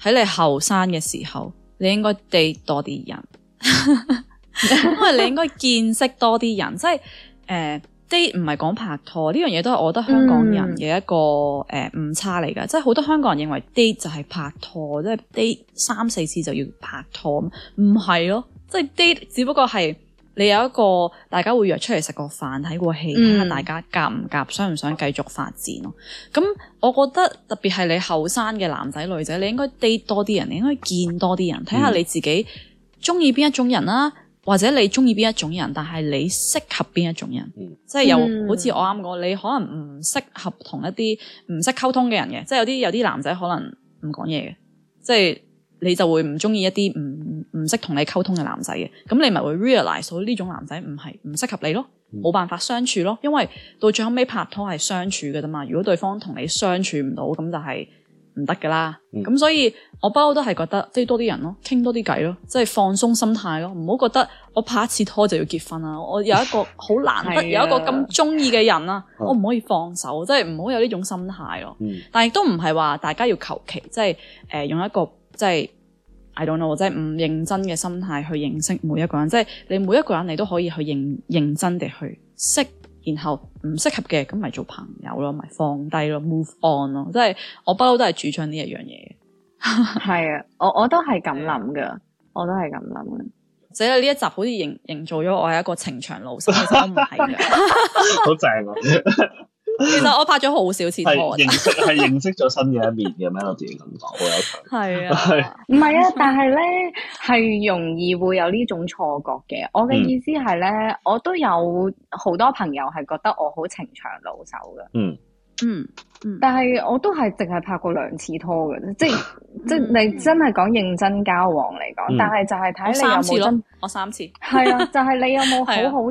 [SPEAKER 1] 喺你後生嘅時候，你應該 date 多啲人， *laughs* 因為你應該見識多啲人，即係誒。呃 date 唔係講拍拖，呢樣嘢都係我覺得香港人嘅一個誒誤、嗯、差嚟噶，即係好多香港人認為 date 就係拍拖，即、就、係、是、date 三四次就要拍拖，唔係咯，即係 date 只不過係你有一個大家會約出嚟食個飯睇個戲，睇下大家夾唔夾，想唔想繼續發展咯。咁、嗯、我覺得特別係你後生嘅男仔女仔，你應該 date 多啲人，你應該見多啲人，睇下你自己中意邊一種人啦、啊。嗯或者你中意邊一種人，但係你適合邊一種人，嗯、即係又好似我啱講，你可能唔適合同一啲唔識溝通嘅人嘅，即係有啲有啲男仔可能唔講嘢嘅，即係你就會唔中意一啲唔唔識同你溝通嘅男仔嘅，咁你咪會 realize 到呢種男仔唔係唔適合你咯，冇辦法相處咯，因為到最後尾拍拖係相處嘅啫嘛，如果對方同你相處唔到，咁就係、是。唔得噶啦，咁，嗯，所以我不嬲都係覺得，即係多啲人咯，傾多啲偈咯，即係放鬆心態咯，唔好覺得我拍一次拖就要結婚啦。我有一個好難得，有一個咁中意嘅人啦，啊，我唔可以放手，即係唔好有呢種心態咯。嗯，但係都唔係話大家要求其，即係誒用一個即係 I don't know，即係唔認真嘅心態去認識每一個人，即係你每一個人你都可以去認認真地去識。然後唔適合嘅，咁咪做朋友咯，咪放低咯，move on 咯，即係我不嬲都係主張呢一樣嘢。係 *laughs* 啊，我我都係咁諗㗎，我都係咁諗嘅。所以呢一集好似營營造咗我係一個情場老
[SPEAKER 2] 手嘅身份，其實都唔係嘅，好正 *laughs* *laughs* 棒啊。 *laughs*
[SPEAKER 1] 其實我拍咗好少次拖
[SPEAKER 2] 嘅，係認識系認識咗新嘅一面嘅咩？我自己咁講，好有趣。係啊，係
[SPEAKER 1] 唔係啊？但係
[SPEAKER 3] 咧，係容易會有呢種錯覺嘅。我嘅意思係咧，我都有好多朋友係覺得我好情長老手嘅。嗯嗯，但係我都係淨係拍過兩次拖嘅，即係即係你真係講認真交往嚟講，但係就係睇你有冇真。
[SPEAKER 1] 我三次。係啊，就
[SPEAKER 3] 係你有冇好好？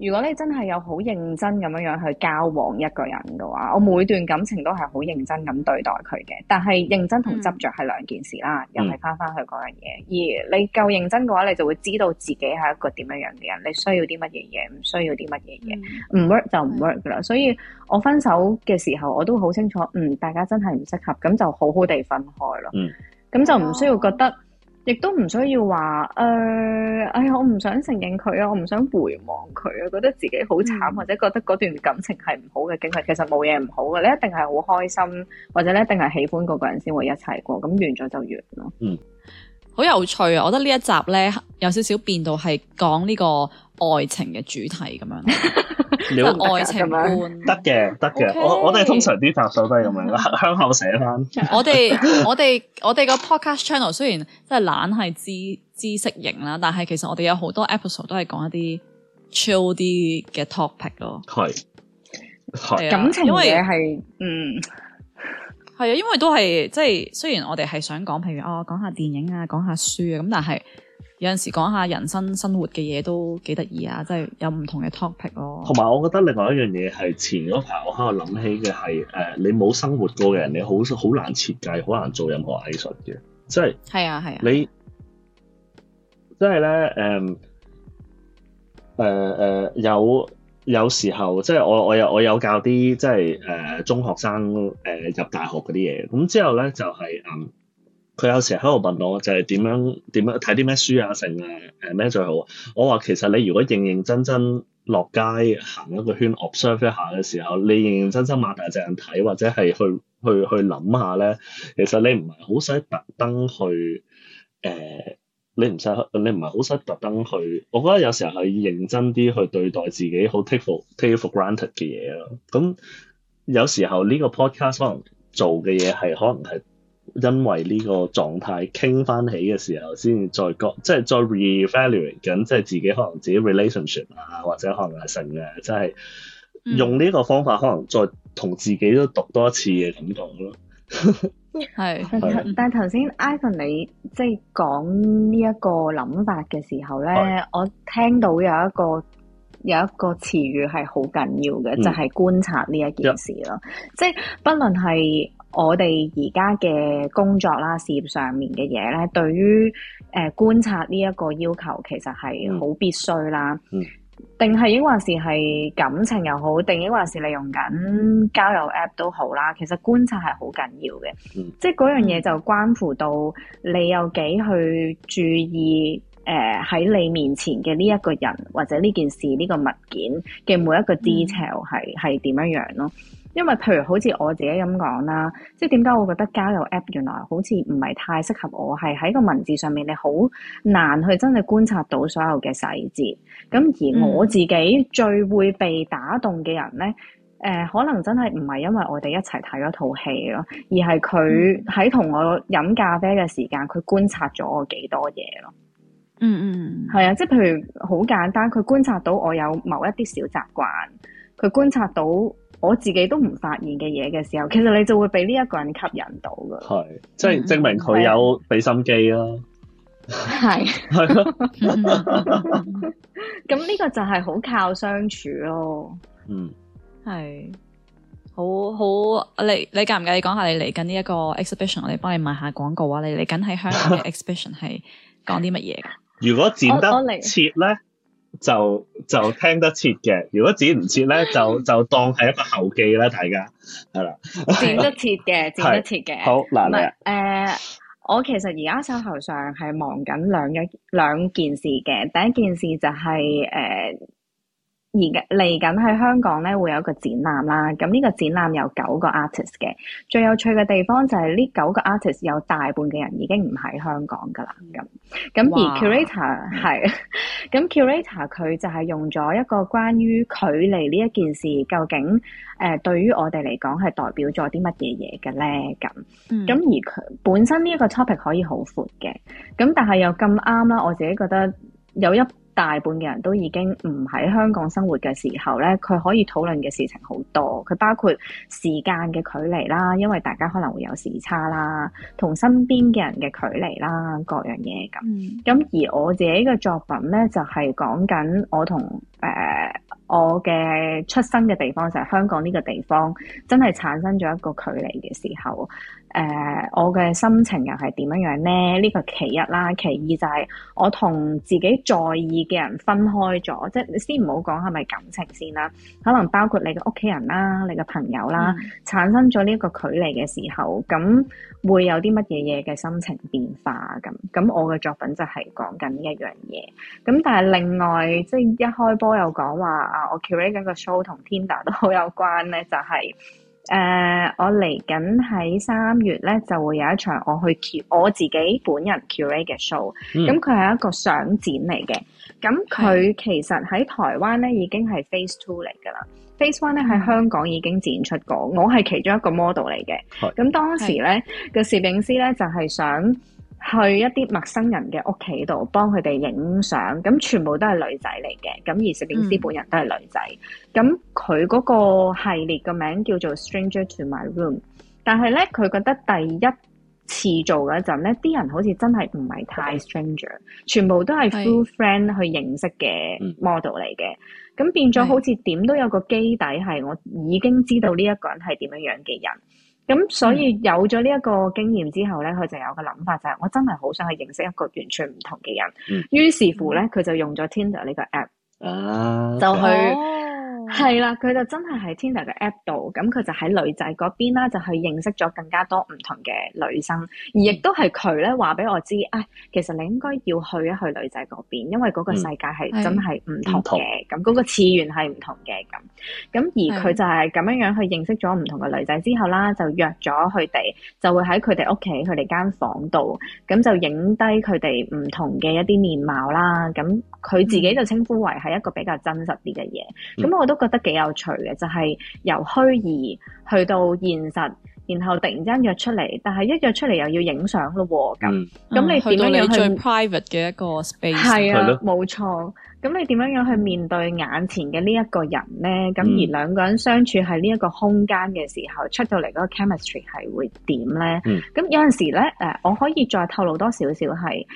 [SPEAKER 3] 如果你真係有好認真咁樣樣去交往一個人嘅話，我每段感情都係好認真咁對待佢嘅。但係認真同執着係兩件事啦，嗯、又係翻翻去嗰樣嘢。而你夠認真嘅話，你就會知道自己係一個點樣樣嘅人，你需要啲乜嘢嘢，唔需要啲乜嘢嘢，唔 work、嗯、就唔 work 噶啦。所以我分手嘅時候，我都好清楚，嗯，大家真係唔適合，咁就好好地分開咯。咁、嗯、就唔需要覺得。亦都唔需要話，誒、呃，哎呀，我唔想承認佢啊，我唔想回望佢啊，覺得自己好慘，嗯、或者覺得嗰段感情係唔好嘅經歷，其實冇嘢唔好嘅，你一定係好開心，或者你一定係喜歡嗰個人先會一齊過，咁完咗就完咯。
[SPEAKER 1] 嗯。好有趣啊！我覺得呢一集咧有少少變到係講呢個愛情嘅主題咁樣， *laughs* 愛情觀
[SPEAKER 2] 得嘅，得嘅 *laughs* Okay。我我哋通常啲集數都係咁樣啦，向後寫翻。 *laughs* *laughs* 我哋
[SPEAKER 1] 我哋我哋個 podcast channel 雖然真係懶係知知識型啦，但係其實我哋有好多 episode 都係講一啲 chill 啲嘅 topic 咯。
[SPEAKER 2] 係係感情因為嘢係 *laughs*
[SPEAKER 1] 嗯。係啊，因為都係即係，雖然我哋係想講，譬如哦，講下電影啊，講下書啊，咁但係有陣時講下人生生活嘅嘢都幾得意啊，即係有唔同嘅 topic 咯。同
[SPEAKER 2] 埋，我覺得另外一樣嘢係前嗰排我喺度諗起嘅係，誒、呃，你冇生活過嘅人，你好好難設計，好難做任何藝術嘅，即係。係啊，係啊，你即係咧，誒、呃，誒、呃，誒、呃，有。有時候即係我我有我有教啲即係誒、呃、中學生誒、呃、入大學嗰啲嘢，咁之後咧就係誒佢有時喺度問我，就係、是、點樣點樣睇啲咩書啊，成啊誒咩最好，我話其實你如果認認真真落街行一個圈 observe 一下嘅時候，你認認真真擘大隻眼睇，或者係去去去諗下咧，其實你唔係好使特登去誒。呃你唔使，你唔係好使，特登去。我覺得有時候係認真啲去對待自己好 take for take for granted 嘅嘢咯。咁有時候呢個 podcast 可能做嘅嘢係可能係因為呢個狀態傾翻起嘅時候，先至再覺即係再 re-evaluate 緊，即係、e、自己可能自己 relationship 啊，或者可能係成嘅，即係用呢個方法可能再同自己都讀多一次嘅感覺咯。
[SPEAKER 3] 係，但係頭先 Ivan 你即係講呢一個諗法嘅時候咧，是我聽到有一個有一個詞語係好緊要嘅，嗯、就係觀察呢一件事咯。Yep. 即係不論係我哋而家嘅工作啦、事業上面嘅嘢咧，對於誒觀察呢一個要求，其實係好必須啦。嗯嗯定係抑或係係感情又好，定抑或係你用緊交友 App 都好啦。其實觀察係好緊要嘅，嗯、即係嗰樣嘢，就關乎到你有幾去注意誒喺、呃、你面前嘅呢一個人或者呢件事呢、呢個物件嘅每一個 detail 係係點樣樣咯。因為譬如好似我自己咁講啦，即係點解我覺得交友 App 原來好似唔係太適合我，係喺個文字上面你好難去真係觀察到所有嘅細節。咁而我自己最會被打動嘅人咧，誒、嗯呃、可能真係唔係因為我哋一齊睇咗套戲咯，而係佢喺同我飲咖啡嘅時間，佢觀察咗我幾多嘢咯。嗯，嗯嗯，係啊，即係譬如好簡單，佢觀察到我有某一啲小習慣，佢觀察到。我自己都唔發現嘅嘢嘅時候，其實你就會被呢一個人吸引到㗎。係，
[SPEAKER 2] 即係證明佢有俾心機咯。
[SPEAKER 3] 係、嗯，係咯。咁呢個就係好靠
[SPEAKER 1] 相處咯、哦。嗯，係。好好，你你介唔介意講下你嚟緊呢一個 exhibition？我哋幫你賣下廣告啊！你嚟緊喺香港嘅 exhibition
[SPEAKER 2] 係講啲乜嘢？ *laughs* 如果剪得切咧？就就聽得切嘅，如果剪唔切咧， *laughs* 就就當係一個後記啦，大家係啦。 *laughs* 剪得
[SPEAKER 3] 切嘅，剪得切嘅。好嗱，嚟誒不吧、呃，我其實而家手頭上係忙緊兩一兩件事嘅，第一件事就係、是、誒。呃而嚟緊喺香港咧，會有一個展覽啦。咁呢個展覽有九個 artist 嘅。最有趣嘅地方就係呢九個 artist 有大半嘅人已經唔喺香港噶啦。咁
[SPEAKER 2] 咁、嗯、而 curator
[SPEAKER 3] 係咁、嗯、是 *laughs* curator 佢就係用咗一個關於距離呢一件事，究竟誒、呃、對於我哋嚟講係代表咗啲乜嘢嘢嘅咧？咁咁、嗯、而佢本身呢一個 topic 可以好闊嘅。咁但係又咁啱啦，我自己覺得有一，大半嘅人都已經唔喺香港生活嘅時候呢，佢可以討論嘅事情好多，佢包括時間嘅距離啦，因為大家可能會有時差啦，同身邊嘅人嘅距離啦，各樣嘢咁。咁、嗯、而我自己嘅作品呢，就係講緊我同誒、呃、我嘅出生嘅地方就係、是、香港呢個地方，真係產生咗一個距離嘅時候。誒，uh, 我嘅心情又係點樣樣咧？呢個其一啦，其二就係我同自己在意嘅人分開咗，即係你先唔好講係咪感情先啦，可能包括你嘅屋企人啦、你嘅朋友啦，嗯、產生咗呢一個距離嘅時候，咁會有啲乜嘢嘢嘅心情變化咁？咁我嘅作品就係講緊呢一樣嘢。咁但係另外，即係一開波又講話啊，我 curate 緊嘅 show 同 Tinder 都好有關咧，就係、是。誒，uh，我嚟緊喺三月咧就會有一場，我去 q，我自己本人 q a 嘅 show，咁佢係一個相展嚟嘅，咁佢其實喺台灣咧已經係 phase two 嚟㗎喇，phase one 咧喺、嗯、香港已經展出過，我係其中一個 model 嚟嘅，咁是當時咧個是攝影師咧就係、是、想。去一啲陌生人嘅屋企度幫佢哋影相，咁全部都係女仔嚟嘅，咁而攝影師本人都係女仔，咁佢嗰個系列嘅名叫做《Stranger to My Room》，但係咧佢覺得第一次做嗰陣咧，啲人好似真係唔係太 stranger，全部都係 full friend 去認識嘅 model 嚟嘅，咁、嗯、變咗好似點都有個基底係我已經知道呢一個人係點樣樣嘅人。咁所以有咗呢一個經驗之後咧，佢就有個諗法就係我真係好想去認識一個完全唔同嘅人。於是乎咧、嗯、佢、嗯、就用咗 Tinder 呢個 app。Uh, 就去係啦，佢、oh. 就真係喺 Tinder 嘅 app 度，咁佢就喺女仔嗰邊啦，就去認識咗更加多唔同嘅女生，而亦都係佢咧話俾我知，啊、哎，其實你應該要去一去女仔嗰邊，因為個世界係真係唔同嘅，咁、mm hmm. 個次元係唔同嘅，咁、那個，咁而佢就係咁樣樣去認識咗唔同嘅女仔之後啦，就約咗佢哋，就會喺佢哋屋企佢哋間房度，咁就影低佢哋唔同嘅一啲面貌啦，咁佢自己就稱呼為係、mm。Hmm. 一個比較真實啲嘅嘢，咁我都覺得幾有趣嘅，就係由虛擬去到現實，然後突然間約出嚟，但係一約出嚟又要影相咯，咁
[SPEAKER 1] 咁你點樣樣去 private 嘅一個 space 係啊，
[SPEAKER 3] 冇錯，咁你點樣樣去面對眼前嘅呢一個人咧？咁而兩個人相處喺呢一個空間嘅時候，出到嚟嗰個 chemistry 係會點咧？咁、嗯、有陣時咧，誒，我可以再透露多少少係。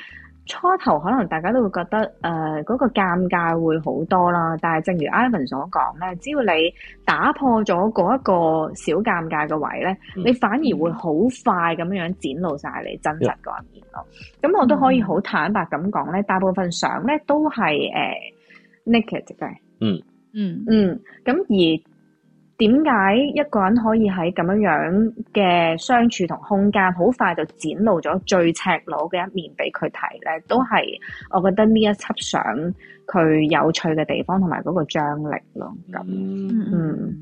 [SPEAKER 3] 初頭可能大家都會覺得，誒、呃、嗰、那個尷尬會好多啦。但係正如 Ivan 所講咧，只要你打破咗嗰一個小尷尬嘅位咧，嗯、你反而會好快咁樣展露晒你真實嗰一面咯。咁、嗯、我都可以好坦白咁講咧，大部分相咧都係誒、呃、naked 嘅。嗯嗯嗯，咁、嗯嗯、而。點解一個人可以喺咁樣樣嘅相處同空間，好快就展露咗最赤裸嘅一面俾佢睇咧？都係我覺得呢一輯相佢有趣嘅地方同埋嗰個張
[SPEAKER 1] 力咯。咁嗯，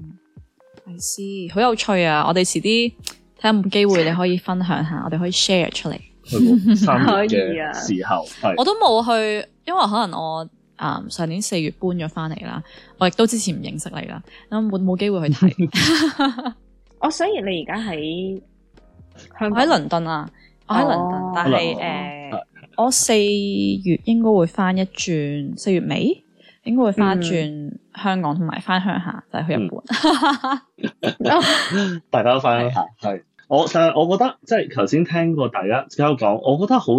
[SPEAKER 1] 係師、嗯、好有趣啊！我哋遲啲睇下有冇機會，你可以分享下， *laughs* 我哋可以 share 出嚟。 *laughs* 三年嘅時
[SPEAKER 2] 候，係、 *laughs* 可以啊、是我都
[SPEAKER 1] 冇去，因為可能我。啊！上、um, 年四月搬咗翻嚟啦，我亦都之前唔認識你啦，咁冇冇機會去睇。我所以你而家喺喺倫敦啊？
[SPEAKER 3] 哦、我喺倫敦，
[SPEAKER 1] 但係誒，啊呃、我四月應該會翻一轉，四月尾應該會翻轉香港同埋翻鄉下，就係、是、
[SPEAKER 2] 去日本。大家都翻鄉下係，我其實我覺得即係頭先聽過大家交友講，我覺得好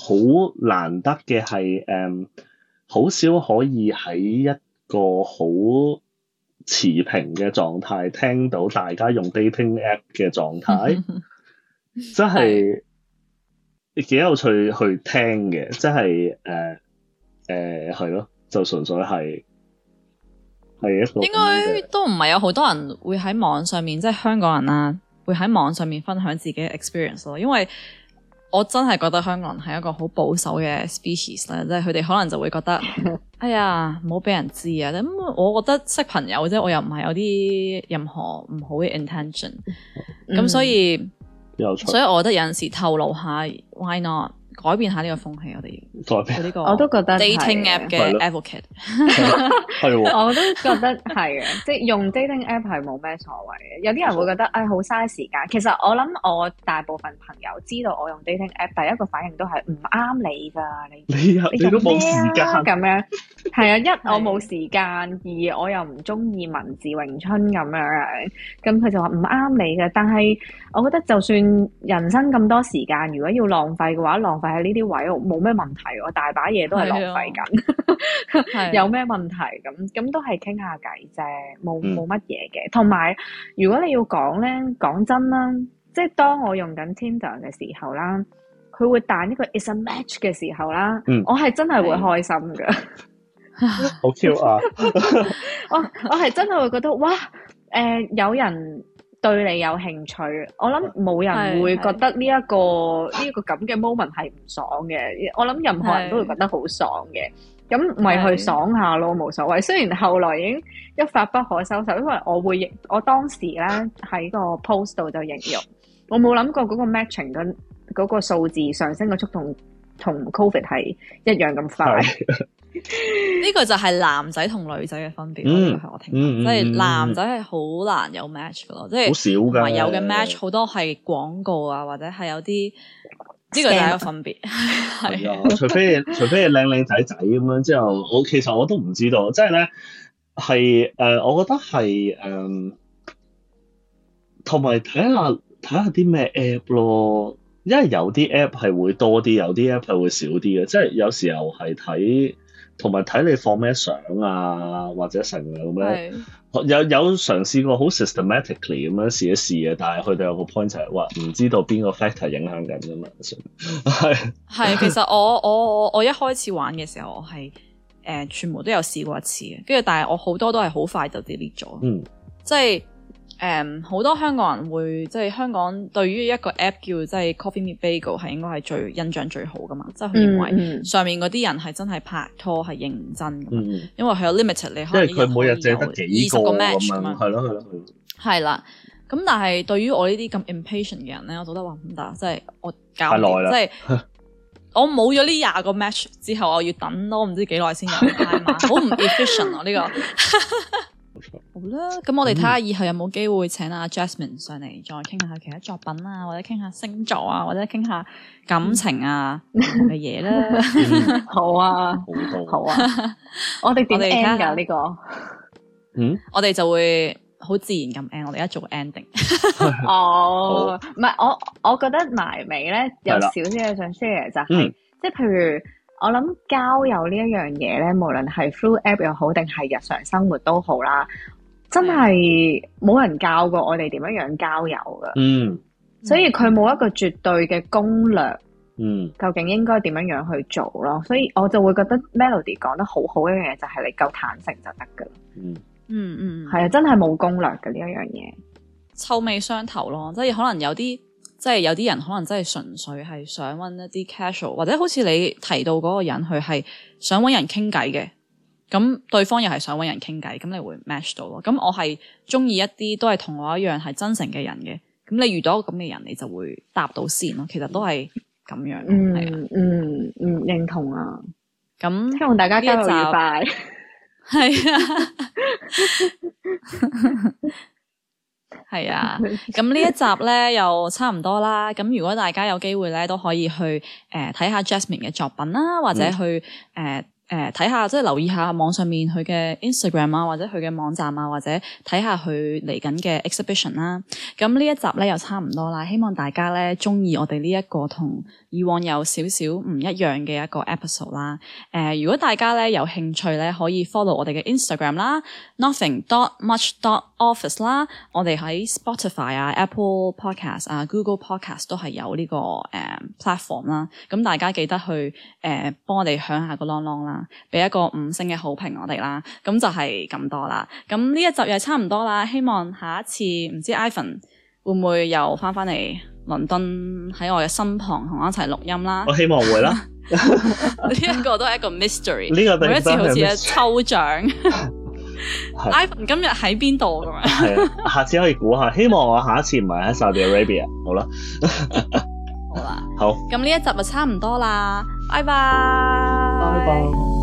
[SPEAKER 2] 好難得嘅係誒。嗯好少可以喺一個好持平嘅狀態聽到大家用 dating app 嘅狀態，即係幾有趣去聽嘅，即係誒誒係咯，就純粹係係一個應該
[SPEAKER 1] 都唔係有好多人會喺網上面，即係香港人啦，會喺網上面分享自己嘅 experience 咯，因為，我真係覺得香港人係一個好保守嘅 species 咧，即係佢哋可能就會覺得， *laughs* 哎呀，唔好俾人知啊！咁我覺得識朋友啫，我又唔係有啲任何唔好嘅 intention，咁、嗯、所以，
[SPEAKER 2] 趣所以我
[SPEAKER 1] 覺得有陣時透露下，why not？改變下呢個風氣，我哋。改
[SPEAKER 2] 變呢、呢個我都覺得 dating app 嘅 advocate 係喎 *laughs* *laughs* 我
[SPEAKER 3] 都覺得係啊。即係用 dating app 係冇咩所謂嘅。有啲人會覺得，誒好嘥時間，其實我諗我大部分朋友知道我用 dating app，第一個反應都係唔啱你㗎，你你、啊、你，你
[SPEAKER 2] 都冇時間咁
[SPEAKER 3] 樣，係 *laughs* 啊，一我冇時間， *laughs* 二我又唔中意文字詠春咁樣，咁佢就話唔啱你嘅。但係我覺得就算人生咁多時間，如果要浪費嘅話，浪費。誒，呢啲、啊、位冇咩問題，我大把嘢都係浪費緊，啊、 *laughs* 有咩問題？咁咁、啊、都係傾下偈啫，冇冇乜嘢嘅。同埋、嗯、如果你要講咧，講真啦，即係當我用緊 Tinder 嘅時候啦，佢會彈呢個 It's a Match 嘅時候啦，嗯、我係真係會開心噶，
[SPEAKER 2] 好 Q 啊！ *laughs* *laughs* *laughs* 我
[SPEAKER 3] 我係真係會覺得哇，誒、呃、有人。對你有興趣，我諗冇人會覺得呢一個呢一個咁嘅 moment 係唔爽嘅。我諗任何人都會覺得好爽嘅，咁咪去爽下咯，冇所謂。雖然後來已經一發不可收拾，因為我會我當時咧喺個 post 度就形容，我冇諗過嗰個 matching 嗰嗰個數字上升嘅速度同同
[SPEAKER 2] COVID
[SPEAKER 1] 係一樣咁快。呢個就係男仔同女仔嘅分別，係
[SPEAKER 2] 我聽，所以男仔
[SPEAKER 1] 係好難有 match 嘅咯，即係好少噶，有嘅 match 好多係廣告啊，或者係有啲，呢個第一分別係，
[SPEAKER 2] 除非除非係靚靚仔仔咁樣之後我，我其實我都唔知道，即係咧係誒，我覺得係誒，同埋睇下睇下啲咩 app 咯，因為有啲 app 係會多啲，有啲 app 係會少啲嘅，即係有時候係睇。同埋睇你放咩相啊，或者成啊咁咧，是有有嘗試過好 systematically 咁樣試一試啊，但係佢哋有個 point 係話唔知道邊個 factor 影響緊㗎嘛，係
[SPEAKER 1] 係，是 *laughs* 其實我我我我一開始玩嘅時候，我係誒、呃、全部都有試過一次嘅，跟住但係我好多都係好快就 delete 咗，嗯，即係。誒好、um, 多香港人會即係香港對於一個 app 叫即係 Coffee Meets Bagel 係應該係最印象最好噶嘛，即係佢認為上面嗰啲人係真係拍拖係認真嘛，因為佢有 limited，你即係佢每日借得廿個 match 嘛、嗯，
[SPEAKER 2] 係咯係
[SPEAKER 1] 咯係。係啦，咁但係對於我呢啲咁 impatient 嘅人咧，我覺得話唔得，即、嗯、係我耐教即係久 *laughs* 我冇咗呢廿個 match 之後，我要等我唔知幾耐先有 match *laughs* 好唔 efficient 啊呢、呢個。 *laughs* 好啦，咁我哋睇下以後有冇機會請阿 Jasmine 上嚟，再傾下其他作品啊，或者傾下星座啊，或者傾下感情啊嘅嘢啦。好啊，
[SPEAKER 5] 好啊，
[SPEAKER 1] *laughs* 我哋點 end 噶呢個？嗯，我哋就會好自然咁 end。我哋而家做 ending。哦，唔係我，我覺得埋尾咧有少少嘢想 share 就係、是，嗯、即係譬
[SPEAKER 3] 如我諗交友呢一樣嘢咧，無論係 through app 又好，定係日常生活都好啦。真係冇人教過我哋點樣樣交友噶嗯、所以佢冇一個絕對嘅攻略。嗯，究竟應該點樣樣去做咯？所以我就會覺得 Melody 講得好好一樣嘢就係、是、你夠坦誠就得噶啦。嗯嗯嗯，係啊，真係冇攻略嘅呢一樣嘢。
[SPEAKER 1] 臭味相投咯，即係可能有啲即係有啲人可能真係純粹係想搵一啲 casual，或者好似你提到嗰個人佢係想搵人傾偈嘅。咁對方又係想揾人傾偈，咁你會 match 到咯。咁我係中意一啲都係同我一樣係真誠嘅人嘅。咁你遇到咁嘅人，你就會搭到線咯。其實都係咁樣。嗯嗯嗯，認同啊。咁那希望大家交流愉快。係啊。係啊。咁呢一集咧又差唔多啦。咁如果大家有機會咧，都可以去誒睇下 Jasmine 嘅作品啦，mm hmm. 或者去誒。呃誒，睇、呃、下，即係留意下網上面佢嘅 Instagram 啊，或者佢嘅網站啊，或者睇下佢嚟緊嘅 exhibition 啦、啊。咁呢一集咧又差唔多啦，希望大家咧中意我哋呢一個同。以往有少少唔一樣嘅一個 episode 啦，誒、呃，如果大家咧有興趣咧，可以 follow 我哋嘅 Instagram 啦，nothing dot much dot office 啦，我哋喺 Spotify 啊、Apple Podcast 啊、Google Podcast 都係有呢、這個誒、嗯、platform 啦，咁、嗯、大家記得去誒、呃、幫我哋響下個啷啷啦，俾一個五星嘅好評我哋啦，咁、嗯、就係、是、咁多啦，咁、嗯、呢一集又係差唔多啦，希望下一次唔知 Ivan。會唔會又翻翻嚟倫敦喺我嘅身旁同我一齊錄音啦？我希望會啦，呢 *laughs* *laughs* 一個都係一個 mystery *laughs* 獎。呢個第一次好似抽獎。iPhone *laughs* 今日喺邊度咁樣？
[SPEAKER 2] 係呀。下次可以估下。希望我下一次唔係喺 Saudi Arabia 好。 *laughs* *laughs* 好啦，好啦，好。
[SPEAKER 1] 咁呢一集就差唔多啦，拜拜。 *noise* 拜拜